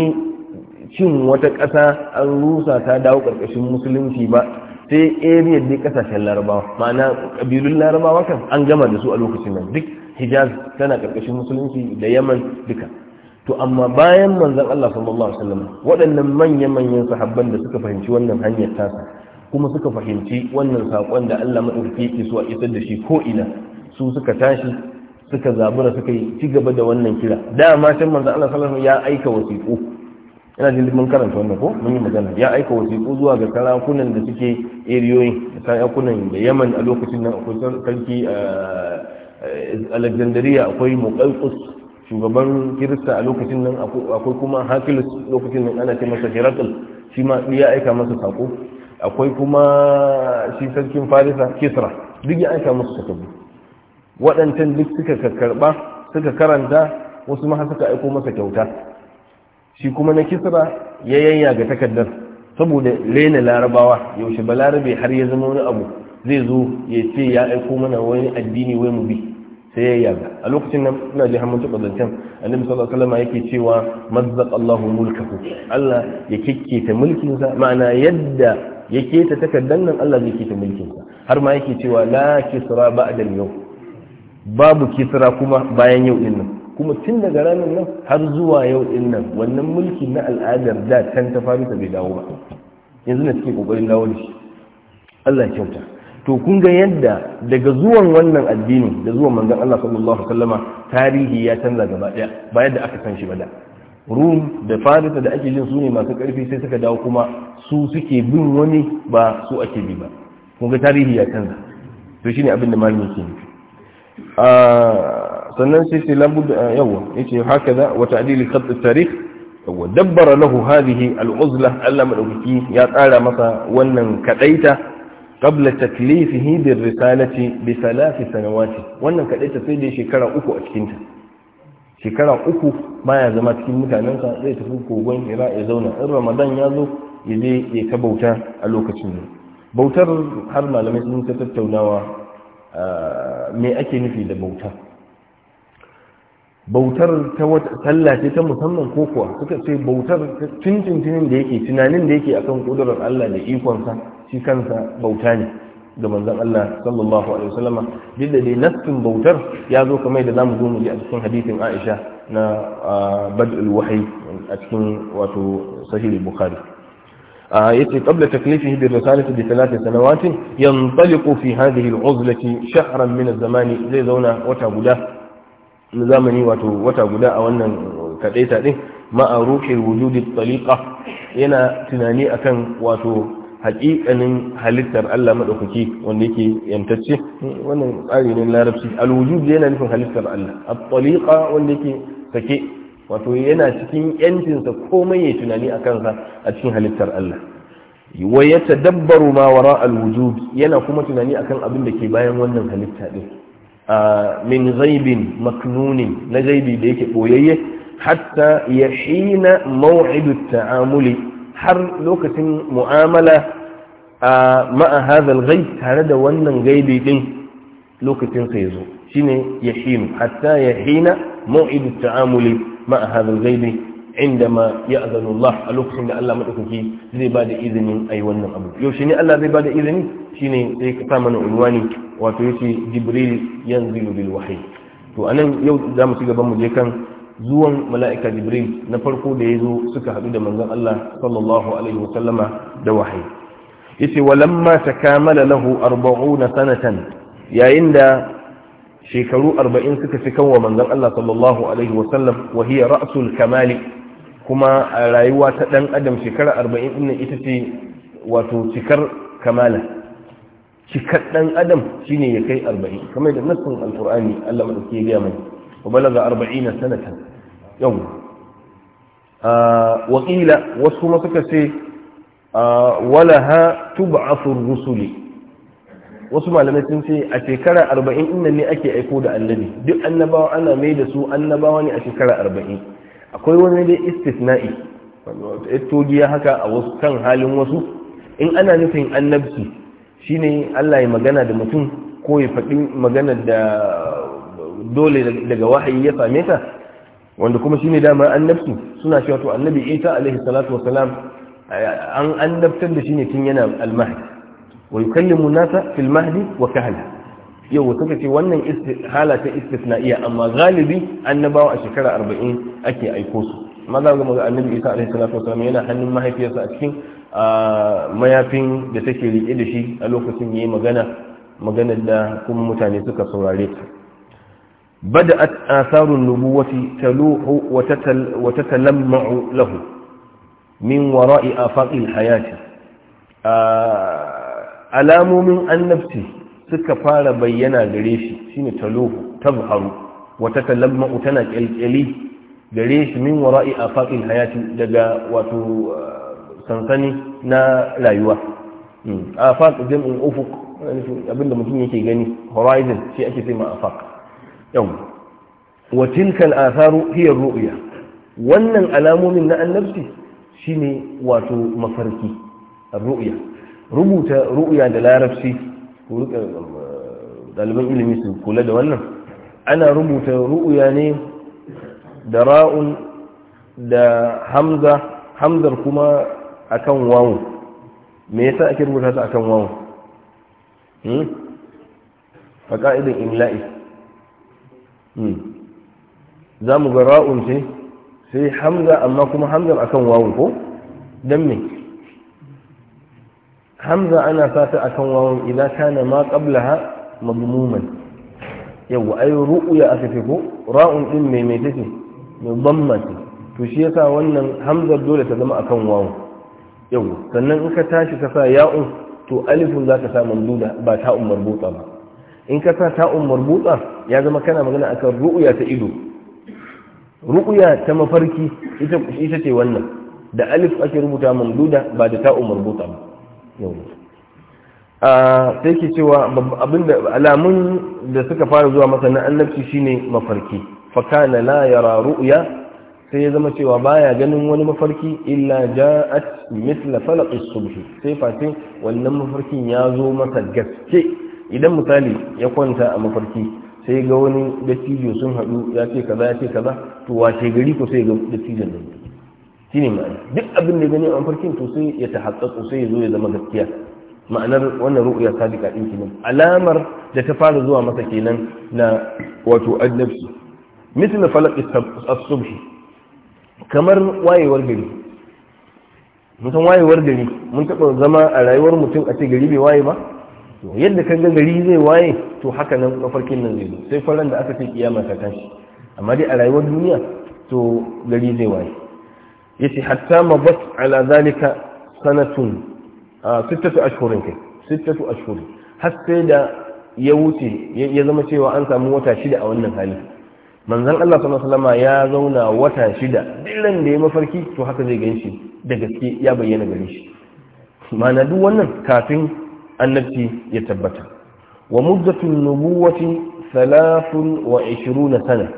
cin wata ƙasa an rusa ta dawo ƙarƙashin musulunci ba sai area dai kasashen larabawa ma'ana kabilun larabawa kan an gama da su a lokacin nan duk hijaz tana ƙarƙashin musulunci da yaman duka to amma bayan manzan Allah sallallahu alaihi wasallam waɗannan manya-manyan sahabban da suka fahimci wannan hanyar tasa kuma suka fahimci wannan saƙon da Allah maɗauki yake so a isar da shi ko ina su suka tashi suka zabura suka yi ci gaba da wannan kira dama can manzon Allah sallallahu alaihi wasallam ya aika wasiƙo. ina jin mun karanta wannan ko mun yi magana ya aika wasiƙu zuwa ga sarakunan da suke eriyoyin da sarakunan da yaman a lokacin nan akwai sarki eh, alexandria akwai muqalqus shugaban kirista a lokacin nan akwai kuma hakilus lokacin nan ana ce masa herakl shi ma ya aika masa sako akwai kuma shi sarkin farisa kisra duk ya aika masa takardu waɗancan duk suka karɓa suka karanta wasu ma suka aiko masa kyauta shi kuma na kisra ya yanya ga takardar saboda rena larabawa yaushe ba larabe har ya zama wani abu zai zo ya ce ya aiko mana wani addini wai mu bi sai ya yaga a lokacin nan suna ji hannun tuka zancen annabi sallallahu alaihi wasallam yake cewa mazzaq Allahu mulkahu Allah ya kikkita mulkin sa ma'ana yadda ya keta takardar nan Allah zai ta mulkin sa har ma yake cewa la kisra ba'da al-yawm babu kisra kuma bayan yau din nan kuma tun daga ranar nan har zuwa yau din nan wannan mulki na al'adar da can ta faru bai dawo ba yanzu na cikin kokarin dawo da shi Allah kyauta to kun ga yadda daga zuwan wannan addini da zuwan manzon Allah sallallahu alaihi wasallama tarihi ya canza gaba daya ba yadda aka san shi ba da Rum da Farisa da ake jin su ne masu karfi sai suka dawo kuma su suke bin wani ba su ake bi ba kun ga tarihi ya canza to shine abin da malamin ke nufi ah, sannan sai ce a eh, yawa yace haka da wata ta'dil khatt at-tarikh dabbara lahu harihi al'uzla Allah maɗauki ya tsara masa wannan kadaita qabla taklifihi bir risalati bi thalath sanawati wannan kadaita sai da shekara uku a cikin ta shekara uku ya zama cikin ka zai tafi kogon hira ya zauna in ramadan ya zo ya je ya ta bauta a lokacin ne bautar har malamai sun ta tattaunawa ah, me ake nufi da bauta bautar ta wata sallah ce ta musamman ko kuwa suka ce bautar tuntuntunin da yake tunanin da yake akan kudurar Allah da ikonsa shi kansa bauta ne ga manzon Allah sallallahu alaihi wasallama duk da dai bautar ya zo kamar da zamu zo mu ji a cikin hadisin Aisha na bad'ul wahyi a cikin wato sahih bukhari يأتي قبل تكليفه بالرسالة بثلاث سنوات ينطلق في هذه العزلة شهرا zamani, zai zauna wata guda. na zamani wato wata guda a wannan kadaita din ma'a wujudi tsalika yana tunani akan wato hakikanin halittar Allah maɗaukaki wanda yake yantacce wannan tsari ne larabci alwujud yana nufin halittar Allah at-taliqa wanda yake sake wato yana cikin yancinsa komai ya tunani a kansa a cikin halittar Allah wa yatadabbaru ma wara al-wujud yana kuma tunani akan abin da ke bayan wannan halitta din min zaibin maknunin na zaibi da yake boyayye hatta ya shina maw'idu ta'amuli har lokacin mu'amala ma'a hadhal gai tare da wannan gaibi din lokacin sa zo shine ya hinu hatta ya hina maw'idu ta'amuli ma'a hadhal ghaibi indama ya azanu Allah a lokacin da Allah madaukaki zai ba da izinin ayi wannan abu yaushe ne Allah zai ba da izini shine sai ka sa mana unwani wato yace Jibril yanzilu bil wahyi to nan yau za mu ci gaban mu je kan zuwan mala'ika Jibril na farko da ya zo suka haɗu da manzon Allah sallallahu alaihi wa sallama da wahayi yace walamma takamala lahu 40 sanatan yayin da shekaru 40 suka fi kanwa manzon Allah sallallahu alaihi wa sallam wa hiya ra'sul kamali kuma a rayuwa ta ɗan adam shekara arba'in ɗin ita ce wato cikar kamala cikar ɗan adam shine ya kai arba'in kamar da nassin alƙur'ani allah maɗauki ya gaya mai wa balaga arba'ina sanatan yau wakila wasu kuma suka ce walaha tub'athu rusuli wasu malamai sun ce a shekara arba'in ɗin ne ake aiko da annabi duk annabawa ana mai da su annabawa ne a shekara arba'in akwai wani dai istisna'i giya haka a wasu kan halin wasu in ana nufin annabci shine Allah ya magana da mutum ko ya faɗi magana da dole daga wahayi ya same ta wanda kuma shine dama annabci suna cewa to annabi Isa alaihi salatu wassalam an annabtar da shi ne tun yana almahdi wa yukallimu nasa fil mahdi wa kahla yau suka ce wannan hala ta istisna'iya amma galibi annabawa a shekara arba'in ake aiko su amma maza ga maza annabi isa alaihi salatu wasallam yana hannun mahaifiyarsa a cikin mayafin da take rike da shi a lokacin yayi magana magana da kuma mutane suka saurare ta بدأت آثار النبوة تلوح وتتل وتتلمع له من وراء آفاق الحياة آه ألام من النفس suka fara bayyana gare shi shine taluhu tazharu wa tatalammu tana kyalkyali gare shi min wara'i afaqil hayati daga wato eh, sansani na rayuwa hmm, afaq jam'in ufuq abinda mutum yake gani horizon shi ake sai afaq yau wa tilka al-atharu hiya ruya wannan alamomin na annabci shine wato mafarki ruya rubuta ruya da larabci ku eh, ɗaliban ilimi su kula da wannan ana rubuta ru'uya ne da ra'un da hamza hamzar kuma akan wawu me yasa ake rubuta ta akan wawu a hmm? fa imla'i hmm. za mu ga ra'un ce sai hamza amma kuma hamzar akan wawu ko don me hamza ana sata akan wawan idza kana ma qablaha madmuman yawa ay ru'ya aka fi ko ra'un din mai mai take mai bammati to shi yasa wannan hamza dole ta zama akan wawan yawa sannan in ka tashi ka sa ya'un to alifun za ka sa mamduda ba ta'un marbuta ba in ka sa ta'un marbuta ya zama kana magana akan ru'uya ta ido ru'uya ta mafarki ita ce wannan da alif ake rubuta mamduda ba da ta'un marbuta ba a sai ke cewa alamun da suka fara zuwa masa na annabci shine mafarki fakana la yara ru'ya sai ya zama cewa baya ganin wani mafarki illa ja'at mithla falaqis subhi sai fatin wannan mafarkin ya zo masa gaske idan misali ya kwanta a mafarki sai ga wani dattijo sun haɗu ya ce kaza ya ce kaza to wace gari ko sai ga dattijon nan shine ma'ana duk abin da gani a mafarkin to sai ya ta tahaqqaqu sai ya zo ya zama gaskiya ma'anar wannan ru'ya sadiqa din kenan alamar da ta fara zuwa masa kenan na wato annabsu misal falaq as-subh kamar wayewar gari mutum wayewar gari mun taɓa zama a rayuwar mutum a ce gari bai waye ba to yadda ka ga gari zai waye to haka nan mafarkin nan zai zo sai faran da aka ce kiyama ta tashi amma dai a rayuwar duniya to gari zai waye yace hatta mabat ala zalika sanatun sittatu ashhurin kai sittatu ashhur har sai da ya wuce ya zama cewa an samu wata shida a wannan hali manzon Allah sallallahu alaihi ya zauna wata shida dillan da ya mafarki to haka zai ganshi da gaske ya bayyana gare shi ma'ana duk wannan kafin annabci ya tabbata wa muddatun nubuwati 23 sana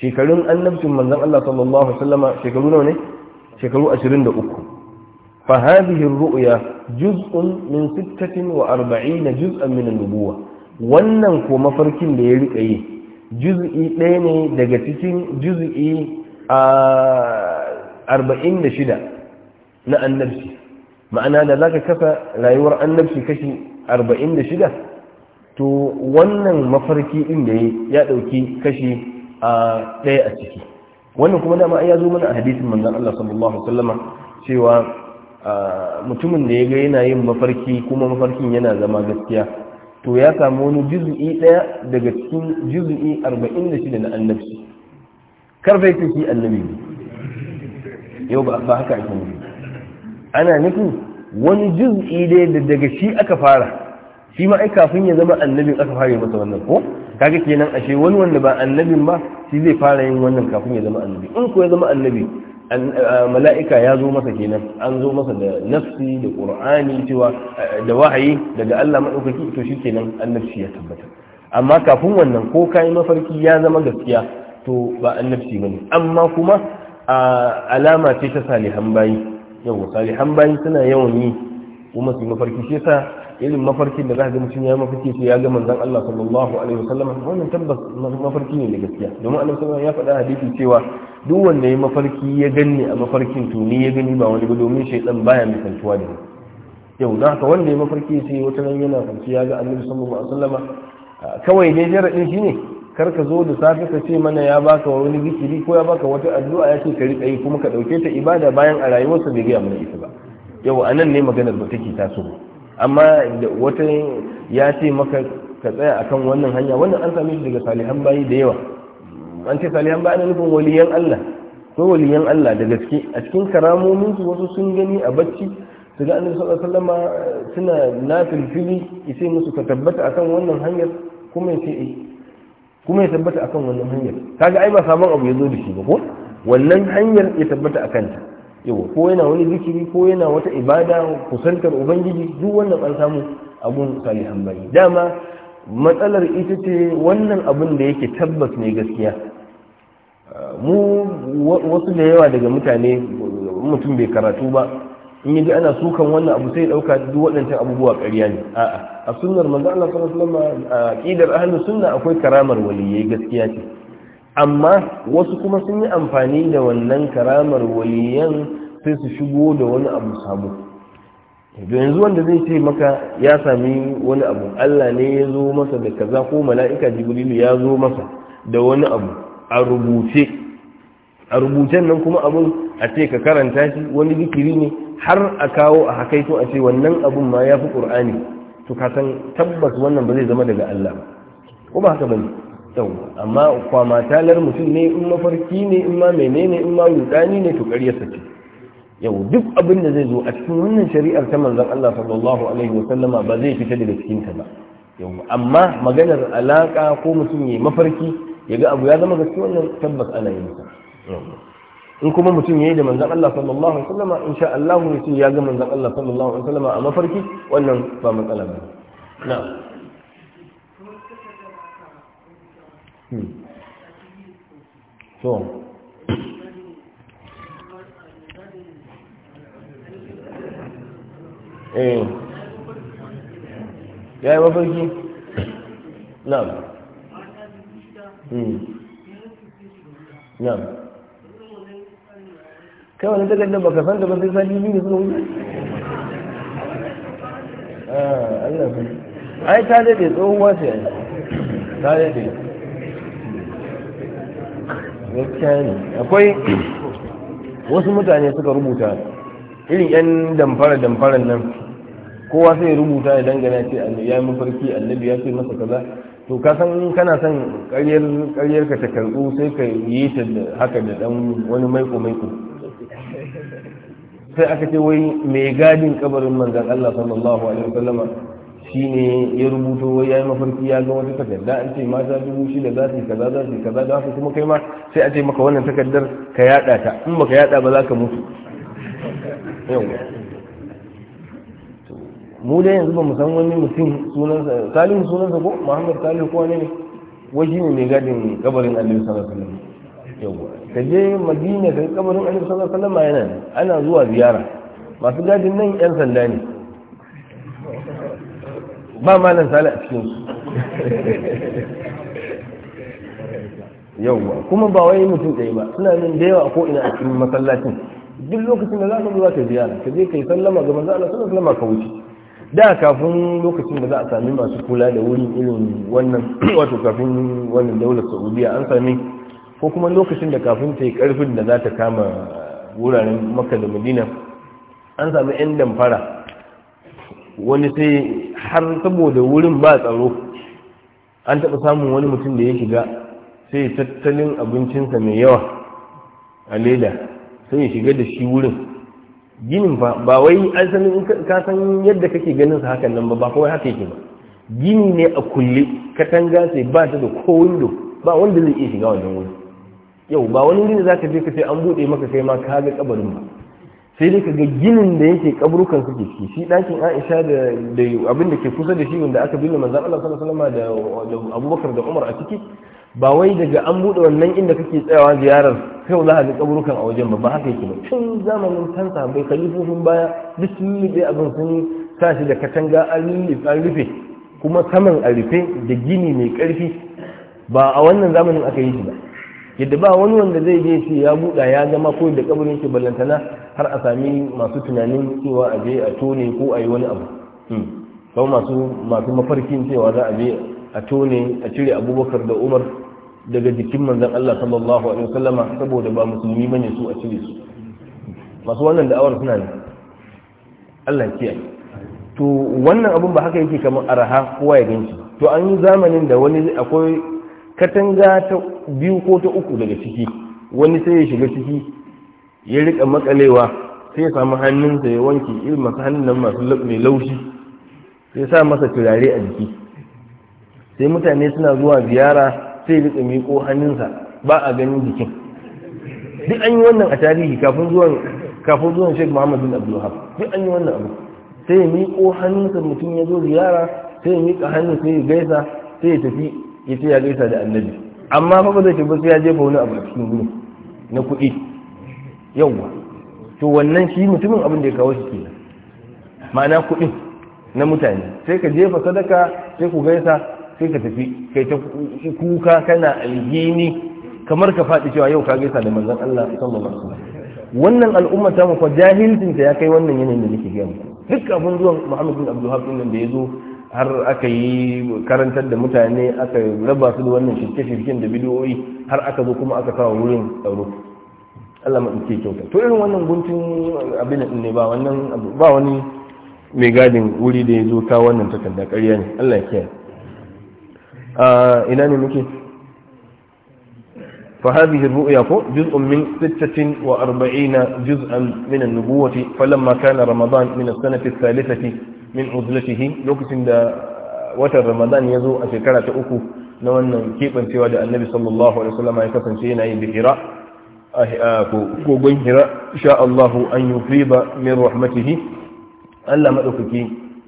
shekarun annabcin manzon Allah sallallahu alaihi wasallama shekaru nawa ne shekaru 23 فهذه ruya juz'un min 46 min an-nubuwa wannan ko mafarkin da ya rike yi juz'i ɗaya ne daga cikin juz'i arba'in da shida na annabi ma'ana da za ka rayuwar annabi kashi arba'in da shida to wannan mafarki din da ya ɗauki kashi a ɗaya a ciki wannan kuma dama ya zo mana a hadisin manzan Allah sallallahu alaihi wasallama cewa mutumin da ya ga yana yin mafarki kuma mafarkin yana zama gaskiya to ya samu wani juzu'i daya daga cikin juz'i 46 na annabci karfe ta shi annabi yau ba haka ake nufi ana nufin wani juzu'i daya da daga shi aka fara shi ma ai kafin ya zama annabin aka fara masa wannan ko kaga kenan ashe wani wanda ba annabin ba shi zai fara yin wannan kafin ya zama annabi in ko ya zama annabi mala'ika ya zo masa kenan an zo masa da nafsi da qur'ani cewa da wahayi daga Allah madaukaki to shi kenan annabci ya tabbata amma kafin wannan ko kai mafarki ya zama gaskiya to ba annabci bane amma kuma alama ce ta salihan bayi Yau salihan bayi suna yawan yi kuma su mafarki shi yasa irin mafarkin da za ga mutum ya mafarki sai ya ga manzon Allah sallallahu alaihi wasallam wannan tabbas mafarki ne da gaskiya domin Allah sallallahu ya faɗa hadisi cewa duk wanda ya mafarki ya ganni a mafarkin to ni ya gani ba wani ba domin shaytan baya misaltuwa da ni yau da haka wanda ya mafarki sai wata ran yana kwanci ya ga annabi sallallahu alaihi wasallam kawai dai jaradin ne kar ka zo da safe ka ce mana ya baka wani zikiri ko ya baka wata addu'a ya ce ka riƙa yi kuma ka ɗauke ta ibada bayan a rayuwarsa bai gaya mana ita ba yau anan ne maganar ba take tasiri. amma wata ya ce maka ka tsaya akan wannan hanya wannan an same shi daga salihan bayi da yawa an ce salihan bayi na nufin waliyan Allah ko waliyan Allah da gaske a cikin karamomin su wasu sun gani a bacci su ga annabi sallallahu alaihi wasallam suna fili sai musu ka tabbata akan wannan hanyar kuma ce eh kuma ya tabbata akan wannan hanyar kaga ai ba sabon abu ya zo da shi ba ko wannan hanyar ya tabbata akan ta yau ko yana wani zikiri ko yana wata ibada kusantar ubangiji duk wannan an samu abun salihan bai dama matsalar ita ce wannan abun da yake tabbas ne gaskiya mu wasu da yawa daga mutane mutum bai karatu ba in yi ana sukan wannan abu sai dauka duk waɗancan abubuwa ƙarya ne a'a a sunnar manzo Allah sallallahu alaihi wasallam a aqidar ahlus sunna akwai karamar waliyai gaskiya ce amma wasu kuma sun yi amfani da wannan karamar waliyan sai su shigo da wani abu sabo da yanzu wanda zai ce maka ya sami wani abu Allah ne ya zo masa da kaza ko mala'ika jibrilu ya zo masa da wani abu a rubuce a rubucen nan kuma abun a ce ka karanta shi wani zikiri ne har a kawo a hakaito a ce wannan abun ma ya fi ƙur'ani to ka san tabbas wannan ba zai zama daga Allah ba ko ba haka bane yau amma kwama talar mutum ne in mafarki ne in ma menene in ma rudani ne to ƙaryarsa ce yau duk abin da zai zo a cikin wannan shari'ar ta manzon Allah sallallahu alaihi wasallama ba zai fita daga cikin ta ba yau amma maganar alaka ko mutum ya mafarki ya ga abu ya zama gaske wannan tabbas ana yin sa in kuma mutum ya yi da manzan Allah sallallahu alaihi wasallama insha Allah ya ce ya ga manzan Allah sallallahu alaihi wasallama a mafarki wannan ba matsala ba na'am Hmm. so eh ya yi mafarki nam hmm. nam kai wani takardar baka san gaba sai sati ne suna suka wuce ah, Allah ai ta daɗe tsohuwa ce ta daɗe gaskiya akwai wasu mutane suka rubuta irin yan damfara damfaran nan kowa sai rubuta ya dangana ce ya yi mafarki annabi ya ce masa kaza to ka san kana son karyar ka ta karbu sai ka yi ta haka da dan wani maiko maiko sai aka ce wai mai gadin kabarin manzan Allah sallallahu alaihi wasallama shine ya rubuto ya yi mafarki ya ga wata takardar an ce mata dubu shida za su yi kaza za su yi kaza za su kuma kai ma sai a ce maka wannan takardar ka yada ta in baka yada ba za ka mutu mu dai yanzu ba mu san wani mutum sunansa salihu sunansa ko muhammad salim ko ne waje ne mai gadin kabarin annabi sallallahu alaihi wasallam yawa ka je madina ka kabarin annabi sallallahu alaihi wasallam yana ana zuwa ziyara masu gadin nan yan sanda ne ba malam sale a cikin su yauwa kuma ba wai mutum ɗaya ba suna nan da yawa ko ina a cikin masallacin duk lokacin da za ka zuwa ka ziyara ka je ka yi sallama ga manzo Allah sallallahu alaihi ka wuce da kafin lokacin da za a sami masu kula da wurin irin wannan wato kafin wannan daular Saudiya an sami ko kuma lokacin da kafin ta yi karfin da za ta kama wuraren Makka da Madina an sami ɗan damfara wani sai har saboda wurin ba tsaro an taɓa samun wani mutum da ya shiga sai tattalin abincinsa mai yawa a leda sai ya shiga da shi wurin ginin ba wai asalin ka san yadda kake ganin sa hakan nan ba ba kawai haka yake ba gini ne a kulle katanga sai ba ta da ko window ba wanda zai iya shiga wannan wuri yau ba wani gini za zaka je ka sai an buɗe maka kai ma ka ga kabarin ba sai dai kaga ginin da yake kaburukan suke ciki shi ɗakin Aisha da da abin da ke kusa da shi wanda aka binne manzo Allah sallallahu alaihi wasallam da Abubakar da Umar a ciki ba wai daga an bude wannan inda kake tsayawa ziyarar sai za a ga kaburukan a wajen ba ba haka yake ba tun zamanin kan sahabbai kalifofin baya duk sun abin sun sa shi da katanga an rufe kuma saman a rufe da gini mai karfi ba a wannan zamanin aka yi shi ba yadda ba wani wanda zai je shi ya buɗa ya zama ko da kabarin shi ballantana har a sami masu tunanin cewa a je a tone ko a yi wani abu hmm. sau masu masu mafarkin cewa za a je a tone a cire abubakar da umar daga jikin manzan Allah sallallahu alaihi wasallama saboda ba musulmi bane su a cire su masu wannan da'awar suna ne Allah kiyaye to wannan abun ba haka yake kamar araha kowa ya ganci to an yi zamanin da wani akwai katanga ta biyu ko ta uku daga ciki wani sai ya shiga ciki ya rika makalewa sai ya samu hannunsa ya wanke irin masu hannun nan masu mai laushi sai sa masa turare a jiki sai mutane suna zuwa ziyara sai rika miko hannunsa ba a ganin jikin duk an yi wannan a tarihi kafin zuwan kafin zuwan Sheikh Muhammad bin Abdul Wahab duk an yi wannan abu sai ya miko hannunsa mutum ya zo ziyara sai ya miƙa hannun sai ya gaisa sai ya tafi ya ce ya gaisa da annabi amma fa ba zai ce ba sai ya jefa wani abu a cikin gudu na kuɗi yawwa to wannan shi mutumin abin da ya kawo shi kenan ma'ana kuɗin na mutane sai ka jefa sadaka sai ku gaisa sai ka tafi kai ta kuka kana alhini kamar ka faɗi cewa yau ka gaisa da manzon Allah sallallahu alaihi wasallam wannan al'umma ta mu fa jahilcin ta ya kai wannan yanayin da nake gaya muku duk abun zuwan Muhammad bin Abdul Habib nan da yazo har aka yi karantar da mutane aka raba su da wannan shirke-shirken da bidiyoyi har aka zo kuma aka kawo wurin tsaro Allah ma ke kyauta to irin wannan guntun abin da ne ba wannan ba wani mai gadin wuri da ya zo ta wannan takarda ƙarya ne Allah ya kiyaye a ina ne muke fa hadhihi ru'ya ko juz'un min 46 juz'an min an-nubuwati falamma kana ramadan min as-sanati ath-thalithati min uzlatihi lokacin da uh, watan ramadan ya zo a shekara ta uku na wannan keɓancewa da annabi sallallahu alaihi wasallam ya kasance yana yin bihira kogon hira ah, ah, sha Allahu an yufriba min rahmatihi Allah madaukaki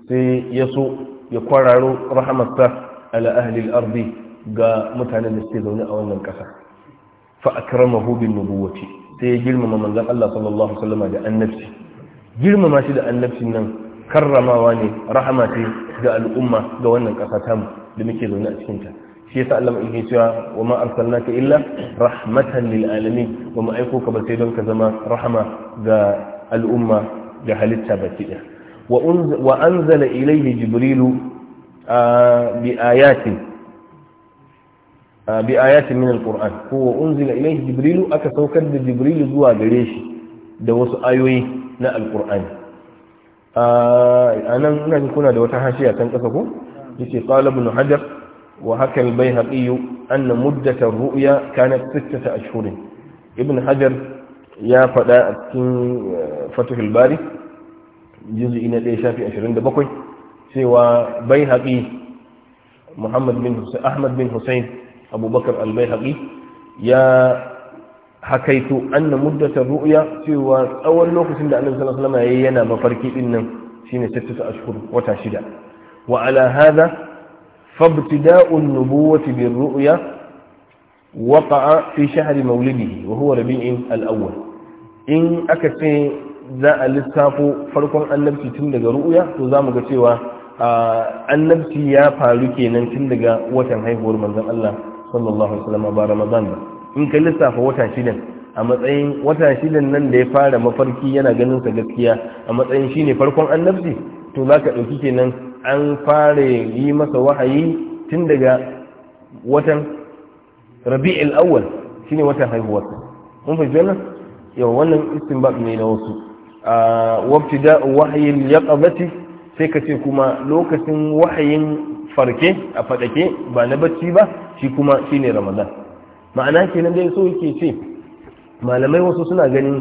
sai ya so ya kwararo rahamarsa ala ahlil al-ardi ga mutanen da suke zaune a wannan ƙasa fa akramahu bin nubuwati sai ya girmama manzon Allah sallallahu alaihi wasallam da annabci girmama shi da annabcin nan karramawa ne rahama ce ga al'umma ga wannan ƙasa tamu da muke zaune a cikinta shi yasa Allah mai cewa wa ma arsalnaka illa rahmatan lil alamin wa ma aiko ka ba sai don ka zama rahama ga al'umma ga halitta baki ɗaya wa anzala ilayhi jibrilu bi ayatin بآيات من القرآن هو أنزل إليه جبريل أكثر كد جبريل زوا قريش دوس آيوي نا القرآن a nan ina ji kuna da wata hashiya can ƙasa ko yace qala ibn hajar wa haka al-bayhaqi anna muddat ar-ru'ya kanat sittata ashhur ibn hajar ya faɗa a cikin al bari juz'i na 1 shafi 27 cewa bayhaqi muhammad bin ahmad bin husayn abubakar al-bayhaqi ya hakaitu anna muddata ru'ya cewa tsawon lokacin da annabi sallallahu alaihi wasallam yana mafarki din nan shine sittatu ashhur wata shida wa ala hadha fabtida'u an-nubuwati bir-ru'ya waqa'a fi shahri mawlidihi wa huwa rabi'in al-awwal in aka ce za a lissafo farkon annabci tun daga ru'ya to za mu ga cewa annabci ya faru kenan tun daga watan haihuwar manzon Allah sallallahu alaihi wasallam ba Ramadan ba in ka lissafa wata shidan a matsayin wata shidan nan da ya fara mafarki yana ganin sa gaskiya a matsayin shine farkon annabci to za ka ɗauki kenan an fara yi masa wahayi tun daga watan rabi'il awwal shine watan haihuwarsa mun fahimci wannan yau wannan istinbab ne na wasu a wabtida wahayin yaqabati sai ka ce kuma lokacin wahayin farke a fadake ba na bacci ba shi kuma shine ramadan ma'ana kenan dai so yake ce malamai wasu suna ganin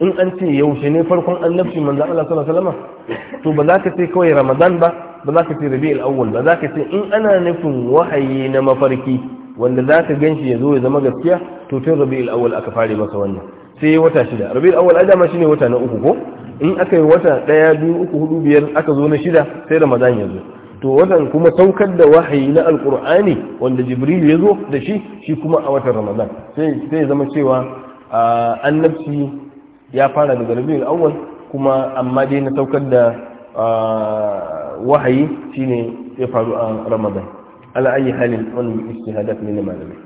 in an ce yaushe ne farkon annabci manzo Allah sallallahu alaihi wasallam to ba za ka ce kawai ramadan ba ba za ka ce rabi'ul awwal ba za ka ce in ana nufin wahayi na mafarki wanda za ka ganshi ya zo ya zama gaskiya to tun rabi'ul awwal aka fare masa wannan sai wata shida rabi'ul awwal a dama shine wata na uku ko in aka yi wata daya biyu uku hudu biyar aka zo na shida sai ramadan ya zo to wannan kuma saukar da wahayi na alqur'ani wanda jibril yazo da shi shi kuma a watan ramadan sai sai zama cewa annabi ya fara daga rabiul awwal kuma amma dai na saukar da wahayi shine ya faru a ramadan ala ayi halin wannan istihadat ne na malamai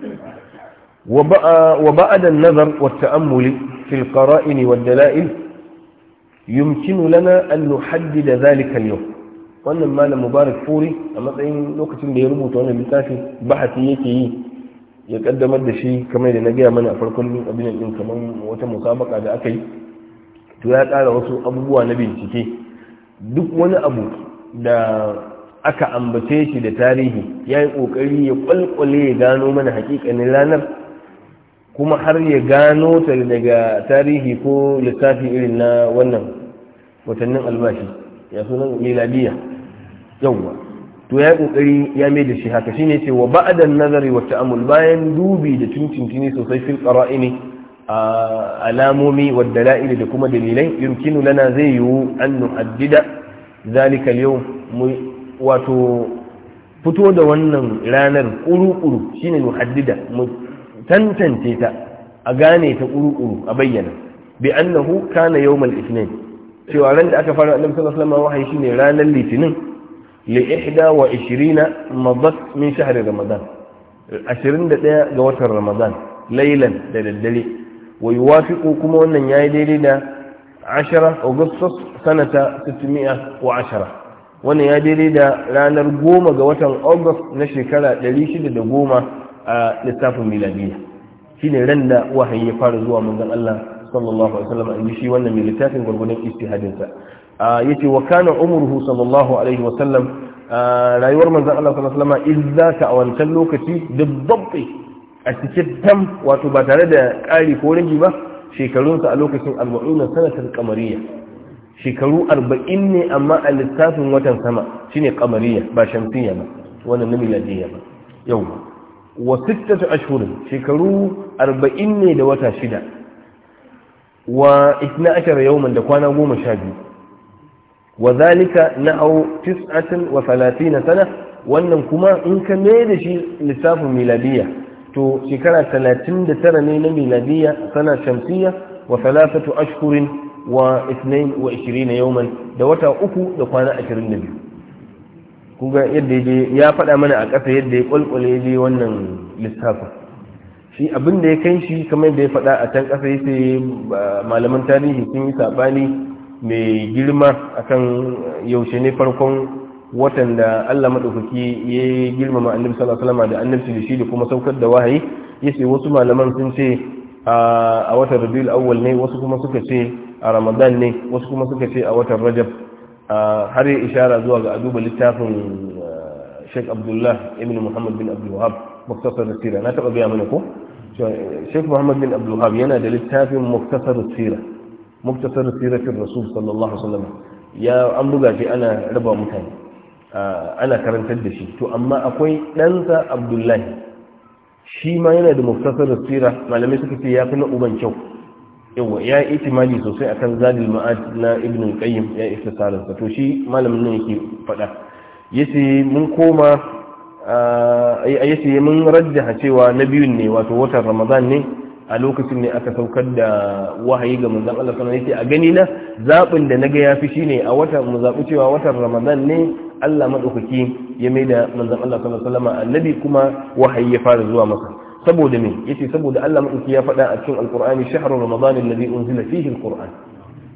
وبعد النظر والتأمل في القرائن والدلائل يمكن لنا أن نحدد ذلك اليوم wannan malam mubarak furi a matsayin lokacin da ya rubuta wannan littafin bahati yake yi ya kaddamar da shi kamar da na gaya mana a farkon abin din kamar wata musabaka da aka yi to ya ƙara wasu abubuwa na bincike duk wani abu da aka ambace shi da tarihi ya yi ƙoƙari ya kwalkwale ya gano mana hakikanin ranar kuma har ya gano ta daga tarihi ko littafi irin na wannan watannin albashi ya sunan miladiya yawwa to ya kokari ya mai da shi haka shine ce wa da nazari wa ta'ammul bayan dubi da tuntuntuni sosai fil qara'ini alamomi wa dala'ili da kuma dalilai yumkinu lana zai yiwu an nu'addida zalika al-yawm wato fito da wannan ranar kuru-kuru shine nuhaddida mu tantance ta a gane ta kuru-kuru a bayyana bi annahu kana yawmal ithnin cewa ran da aka fara annabi sallallahu alaihi wasallam wahayi shine ranar litinin li ihda wa 20 madat min shahr ramadan 21 ga watan ramadan laylan da daddare wa yuwafiqu kuma wannan yayi daidai da 10 augustus sanata 610 wannan ya daidai da ranar 10 ga watan august na shekara 610 a lissafin miladiya shine ran da wahayi ya fara zuwa manzon Allah sallallahu alaihi wasallam an shi wannan mai littafin gwargwadon istihadinsa ya ce wa kana umruhu sallallahu alaihi wasallam rayuwar manzan Allah sallallahu alaihi wasallam idza ta awantan lokaci da babbe a cikin tam wato ba tare da ƙari ko rage ba shekarunsa a lokacin arba'una sanatar kamariya shekaru arba'in ne amma a littafin watan sama shine kamariya ba shamsiya ba wannan na miladiyya ba yau wa sittatu ashhurin shekaru arba'in ne da wata shida wa ashirin yawman da kwana goma sha biyu wa zalika na'u na sana wannan kuma in ka ne da shi lissafin miladiya to shekara 39 ne na miladiya sana shamsiyya wa thalathatu ashhurin wa 22 yawman da wata uku da kwana 22 kun ga yadda ya faɗa mana a ƙasa yadda ya ƙwalƙwale wannan lissafin shi abin da ya kai shi kamar da ya faɗa a can ƙasa yake malaman tarihi sun yi saɓani mai girma akan yaushe ne farkon watan da Allah maɗaukaki ya girmama annabi sallallahu alaihi wasallam da annabci da shi da kuma saukar da wahayi yace wasu malaman sun ce a watan rabiul awwal ne wasu kuma suka ce a ramadan ne wasu kuma suka ce a watan rajab har ya ishara zuwa ga aduba littafin Sheikh Abdullah ibn Muhammad bin Abdul muktasar sira na taba gaya mana ko Sheikh Muhammad bin Abdul yana da littafin muktasar sira muktasar siratin Rasul sallallahu alaihi wasallam ya an buga shi ana raba mutane ana karantar da shi to amma akwai ɗansa Abdullahi shi ma yana da muktasar sira malamai suka ce ya fi na uban kyau yawa ya yi itimali sosai akan zadil ma'ad na ibn qayyim ya ikhtisarin sa to shi malamin ne yake faɗa yace mun koma ya ce mun rajjaha cewa na biyun ne wato watan ramadan ne a lokacin ne aka saukar da wahayi ga manzon Allah sallallahu alaihi a gani na zabin da naga yafi shine a watan mu zabi cewa watan Ramadan ne Allah madaukaki ya maida manzon Allah sallallahu alaihi wasallam annabi kuma wahayi ya fara zuwa masa saboda me yace saboda Allah madaukaki ya faɗa a cikin alqur'ani shahru ramadan alladhi unzila fihi alqur'an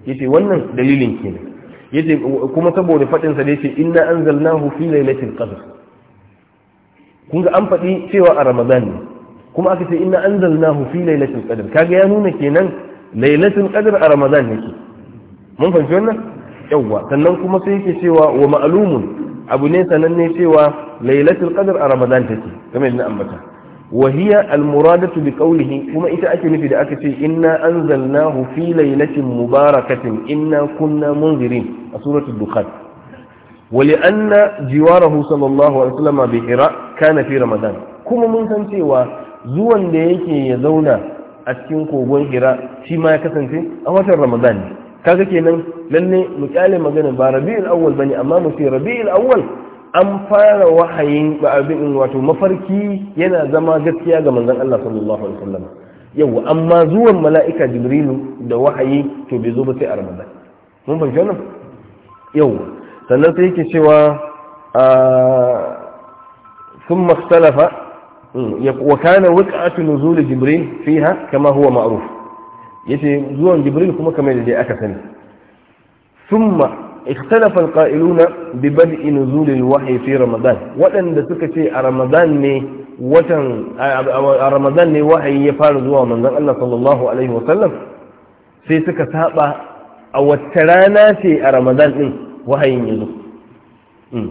yace wannan dalilin kenan yace kuma saboda fadin sa da yace inna anzalnahu fi lailatul qadr kun ga an faɗi cewa a ramadan ne kuma aka ce inna anzalnahu fi lailatul qadr kaga ya nuna kenan lailatul qadr a ramadan yake mun fahimci wannan yawa sannan kuma sai yake cewa wa ma'lumun abu ne sananne cewa lailatul qadr a ramadan take kamar yadda ambata wa hiya al muradatu bi qawlihi kuma ita ake nufi da aka ce inna anzalnahu fi lailatin mubarakatin inna kunna munzirin a suratul dukhan ولأن جواره صلى الله عليه وسلم بإراء كان في رمضان كما من سنتيوا زوان da yake ya zauna a cikin kogon Hira shi ma ya kasance a watan Ramadan kaga kenan lallai mu kyale magana ba Rabiul Awwal bane amma mu ce Rabiul Awwal an fara wahayin ba abin wato mafarki yana zama gaskiya ga manzon Allah sallallahu alaihi wasallam yawa amma zuwan mala'ika Jibrilu da wahayi to bai zo ba sai a Ramadan mun fahimci wannan yawa sannan ta yake cewa a sun makstalafa wa kana wuka a cikin zuwa jibril fi ha kama huwa ma'aruf ya zuwan jibril kuma kamar da aka sani summa ikhtalafa alqailuna bi bad'i nuzul alwahy fi ramadan wadanda suka ce a ramadan ne watan a ramadan ne wahayi ya fara zuwa manzon Allah sallallahu alaihi wa sallam sai suka saba a wata rana ce a ramadan din wahayin ya zo hmm.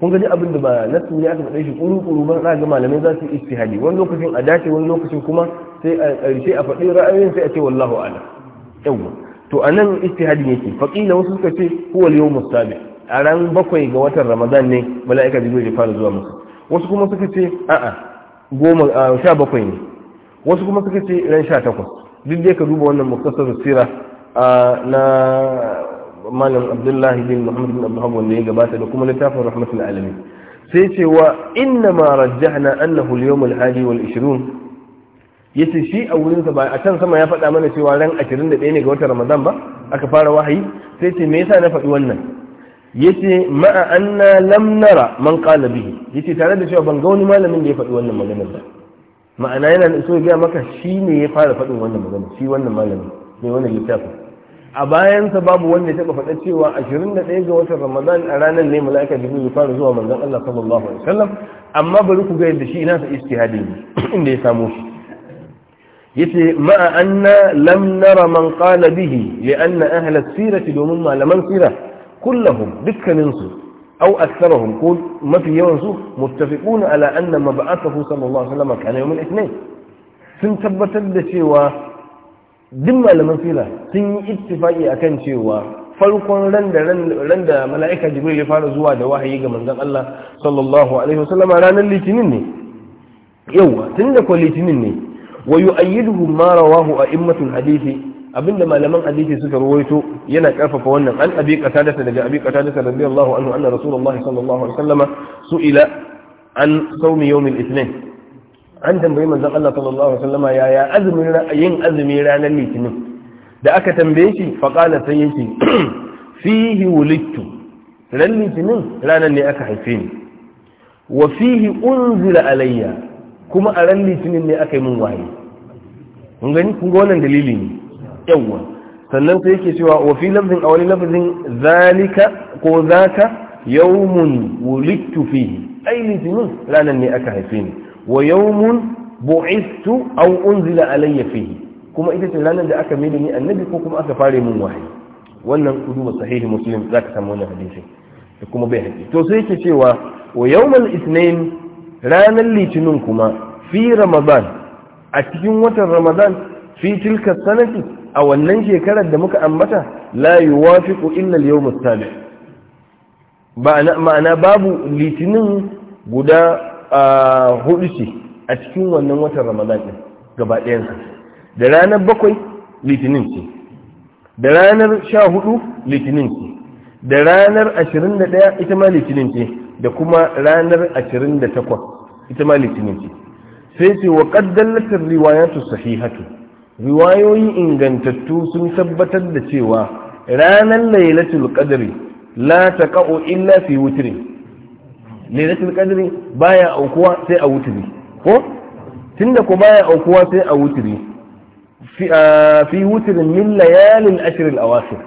kun gani abin da ba na ne aka faɗe shi ƙuru-ƙuru ba za ga malamai za su yi istihadi wani lokacin a dace wani lokacin kuma sai a ƙarshe a faɗi ra'ayoyin sai a ce wallahu ala yawwa to a nan istihadi yake faƙila wasu suka ce huwal yau musabi a ran bakwai ga watan ramadan ne mala'ika jibril ya fara zuwa musu wasu kuma suka ce a'a goma sha bakwai ne wasu kuma suka ce ran sha takwas duk dai ka duba wannan muktasar sira na malam abdullahi bin muhammad bin abdullahi wanda ya gabata da kuma littafin rahmatul alamin sai ce wa inna ma rajjahna annahu al-yawm al-hadi wal 20 yace shi a wurin sa ba a can sama ya faɗa mana cewa ran 21 ne ga watan ramadan ba aka fara wahayi sai ce me yasa na faɗi wannan yace ma'a anna lam nara man qala bihi yace tare da cewa ban ga wani malamin da ya faɗi wannan maganar ba ma'ana yana so ya ga maka shi ne ya fara faɗin wannan magana shi wannan malamin ne wannan littafin a bayansa babu wanda ya taɓa faɗa cewa 21 ga watan ramadan a ranar ne mala'ika jibril ya fara zuwa manzon Allah sallallahu alaihi wasallam amma bari ku ga yadda shi ina sa ijtihadi inda ya samu shi yace ma'a anna lam nara man qala bihi li'anna ahla sirati domin malaman sira kullahum dukkanin su aw aktharuhum ko mafi yawan su muttafiquna ala anna mab'athahu sallallahu alaihi wasallam kana yawm al-ithnain sun tabbatar da cewa Din malaman sira sun yi ittifaki akan cewa farkon ran da ran da mala'ika jibril ya fara zuwa da wahayi ga manzon Allah sallallahu alaihi wasallam ranar litinin ne yawa tunda ko litinin ne wa yu'ayyiduhu ma rawahu a'immatul hadisi abinda malaman hadisi suka rawaito yana karfafa wannan an abi qatada daga abi qatada radiyallahu anhu anna rasulullah sallallahu alaihi wasallama su'ila an sawmi yawm al-ithnin an tambayi manzon Allah sallallahu alaihi wasallam ya ya azumin yin azumi ranar litinin da aka tambaye shi faqala sai yake fihi wulidtu ran litinin ranar ne aka haife ni wa fihi unzila alayya kuma a ran litinin ne aka yi min waye? kun gani kun ga wannan dalili ne yawwa sannan sai yake cewa wa fi lafzin a wani lafzin zalika ko zaka yawmun wulidtu fihi ai litinin ranar ne aka haife ni wa yawmun bu'istu aw unzila alayya fihi kuma ita ce ranar da aka mai da ni annabi ko kuma aka fare min wahayi wannan ku duba sahihi muslim ka samu wannan hadisi da kuma bai haƙi to sai yake cewa wa yawmal isnain ranar litinin kuma fi ramadan a cikin watan ramadan fi tilka sanati a wannan shekarar da muka ambata la yuwafiqu illa al-yawm as ma'ana babu litinin guda hudu ce a cikin wannan watan ramadan ɗin gaba ɗayansa da ranar bakwai litinin ce da ranar sha hudu litinin ce da ranar ashirin da ɗaya ita ma litinin ce da kuma ranar ashirin da takwas ita ma litinin ce sai ce wa ƙaddallatar sahi sahihatu riwayoyi ingantattu sun tabbatar da cewa ranar lailatul qadri la taqa'u illa fi wutrin lailatul kadiri baya aukuwa sai a wuturi ko tunda ko baya aukuwa sai a wuturi fi wuturin min layalin ashirin awakhir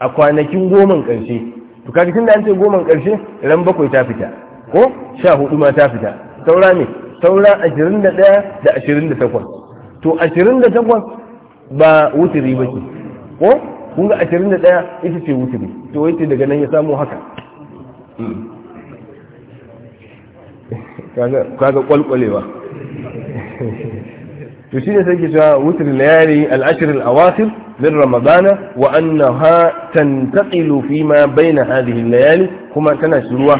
a kwanakin goman karshe to kaga tunda an ce goman karshe ran bakwai ta fita ko sha hudu ma ta fita saura ne saura ashirin da ɗaya da ashirin da takwas to ashirin da takwas ba wuturi ba ce ko kun ga ashirin da ɗaya ita ce wuturi to ce daga nan ya samu haka hmm. kaga kwalkwalewa to shine sai ke cewa wutr layali al-ashr al-awakhir min ramadana wa annaha tantaqilu fi ma bayna hadhihi al-layali kuma tana shiruwa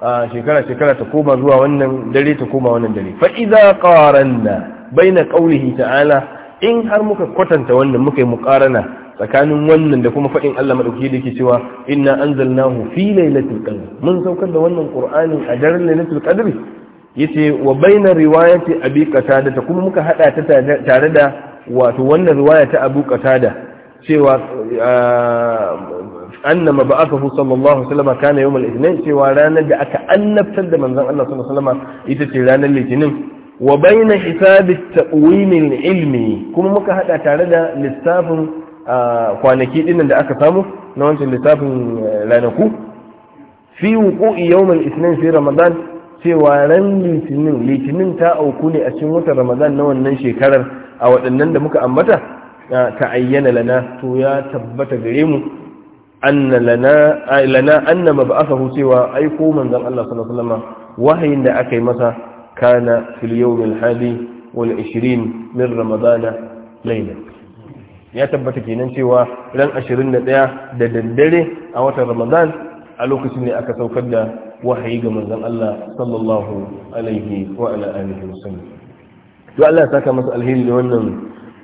a shekara shekara ta koma zuwa wannan dare ta koma wannan dare fa idza qaranna bayna qawlihi ta'ala in har muka kwatanta wannan muka yi muqarana tsakanin wannan da kuma faɗin Allah maɗauki da ke cewa inna anzalnahu fi lailatul qadr mun saukar da wannan qur'anin a daren lailatul qadr yace wa baina riwayati abi qatada ta kuma muka hada ta tare da wato wannan riwaya ta abu qatada cewa anna mab'athahu sallallahu alaihi wasallam kana yawm al-ithnain cewa ranar da aka annabtar da manzon Allah sallallahu alaihi wasallam ita ce ranar litinin wa baina hisab at-taqwim al-ilmi kuma muka hada tare da lissafin kwanaki dinnan da aka samu na wancan lissafin eh, ranaku fi wuqu'i yawm al-ithnain fi ramadan cewa ran litinin litinin ta auku ne a cikin watan ramadan na wannan shekarar a waɗannan da muka ambata ta ayyana lana to ya tabbata gare mu anna lana lana anna mab'athahu cewa aiko manzon Allah sallallahu alaihi wasallam wahayin da aka yi masa kana fil yawmil hadi wal 20 min ramadana layla ya tabbata kenan cewa ran 21 da daddare a watan ramadan a lokacin ne aka saukar da wahayi ga manzon Allah sallallahu alaihi wa ala alihi wasallam to Allah ya saka masa alheri da wannan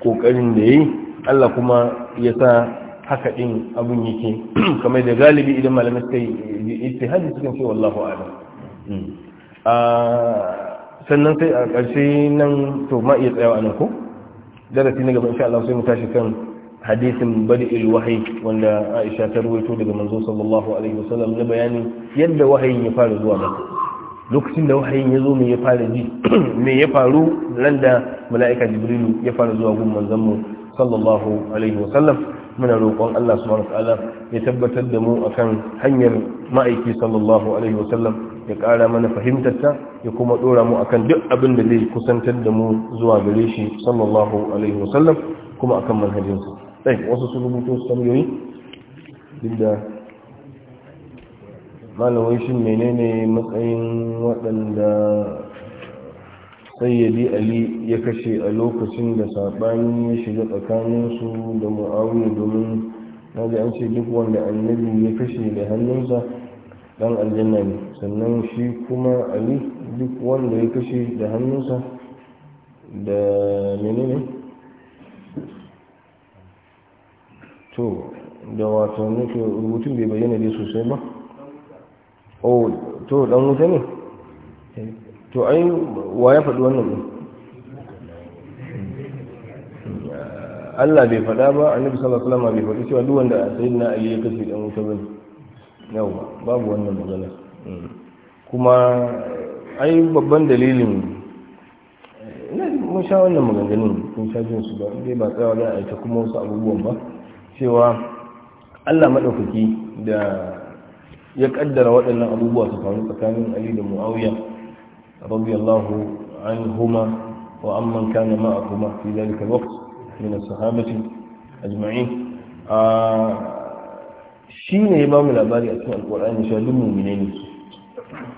kokarin da yayi Allah kuma ya sa haka din abun yake kamar da galibi idan malamai suka yi ittihadi sukan ce wallahu a'lam mm. a ah, sannan sai a ƙarshe nan to ma iya tsayawa nan ko darasi na gaba insha Allah sai mu tashi kan hadisin badi'il wahayi wanda Aisha ta ruwaito daga manzo sallallahu alaihi wasallam na bayanin yadda wahayin ya fara zuwa mata lokacin da wahayin ya zo me ya fara ji me ya faru ran da mala'ika jibrilu ya fara zuwa gun manzon mu sallallahu alaihi wasallam muna roƙon Allah subhanahu wataala ya tabbatar da mu akan hanyar ma'aiki sallallahu alaihi wasallam ya ƙara mana fahimtarta ya kuma ɗora mu akan duk abin da zai kusantar da mu zuwa gare shi sallallahu alaihi wasallam kuma akan manhajinsa ɗai wasu sun rubuto su da malawai shi menene matsayin waɗanda sayyadi ali ya kashe a lokacin da saɓani ya shiga tsakaninsu da mu'awiyu domin na ji an ce duk wanda annabi ya kashe da hannunsa dan aljanna ne sannan shi kuma ali duk wanda ya kashe da hannunsa da menene to da wato nufin rubutun bai bayyana dai sosai ba oh to dan wuta ne to ai wa ya faɗi wannan ɗin Allah bai faɗa ba annabi sallallahu alaihi wasallam bai faɗi cewa duk wanda sayyidina Ali ya kashe dan wuta bane yawa babu wannan magana kuma ai babban dalilin ina mun sha wannan maganganun kun sha jin su ba dai ba tsayawa za a yi kuma wasu abubuwan ba cewa allah maɗaukaki da ya ƙaddara waɗannan abubuwa su faru tsakanin ali da mu'awiya an huma wa amman kana ma'akuma fi zalika alwaqt min sahabati ajma'in shi shine ya ba mu labari a cikin alƙur'ani cewa duk mu'mine ne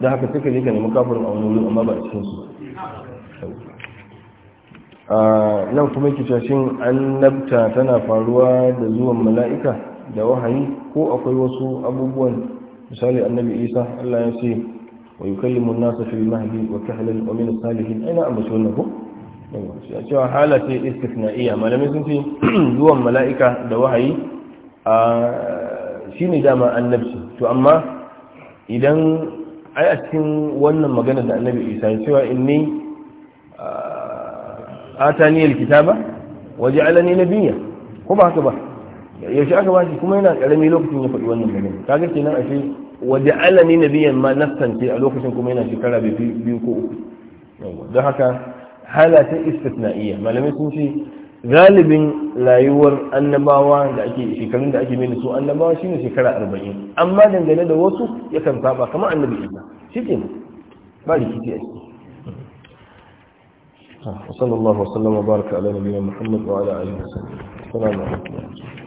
da haka suka je ka nemi kafirin a wani wurin amma ba a cikin su nan kuma kicashin annabta tana faruwa da zuwan mala'ika da wahayi ko akwai wasu abubuwan misali annabi isa allah ya ce wa yi kallimun nasa fi mahdi wa kahalin omin salihin aina a masu wannan ko a cewa halace istisna'iya malamai sun ce zuwan mala'ika da wahayi a shi ne dama annabci to amma idan ai a cikin wannan magana da annabi isa ya cewa inni atani alkitaba waj'alani nabiyya ko ba haka ba yaushe aka ba shi kuma yana karami lokacin ya faɗi wannan magana kaga kenan ashe waj'alani nabiyyan ma nastance a lokacin kuma yana shekara biyu ko uku don haka hala ta istisna'iyya malamai sun ce galibin rayuwar annabawa da ake shekarun da ake mai su annabawa shine shekara arba'in amma dangane da wasu yakan saba kamar annabi isa shi ke ba rikici a ciki وصلى الله وسلم وبارك على نبينا محمد وعلى آله وسلم السلام عليكم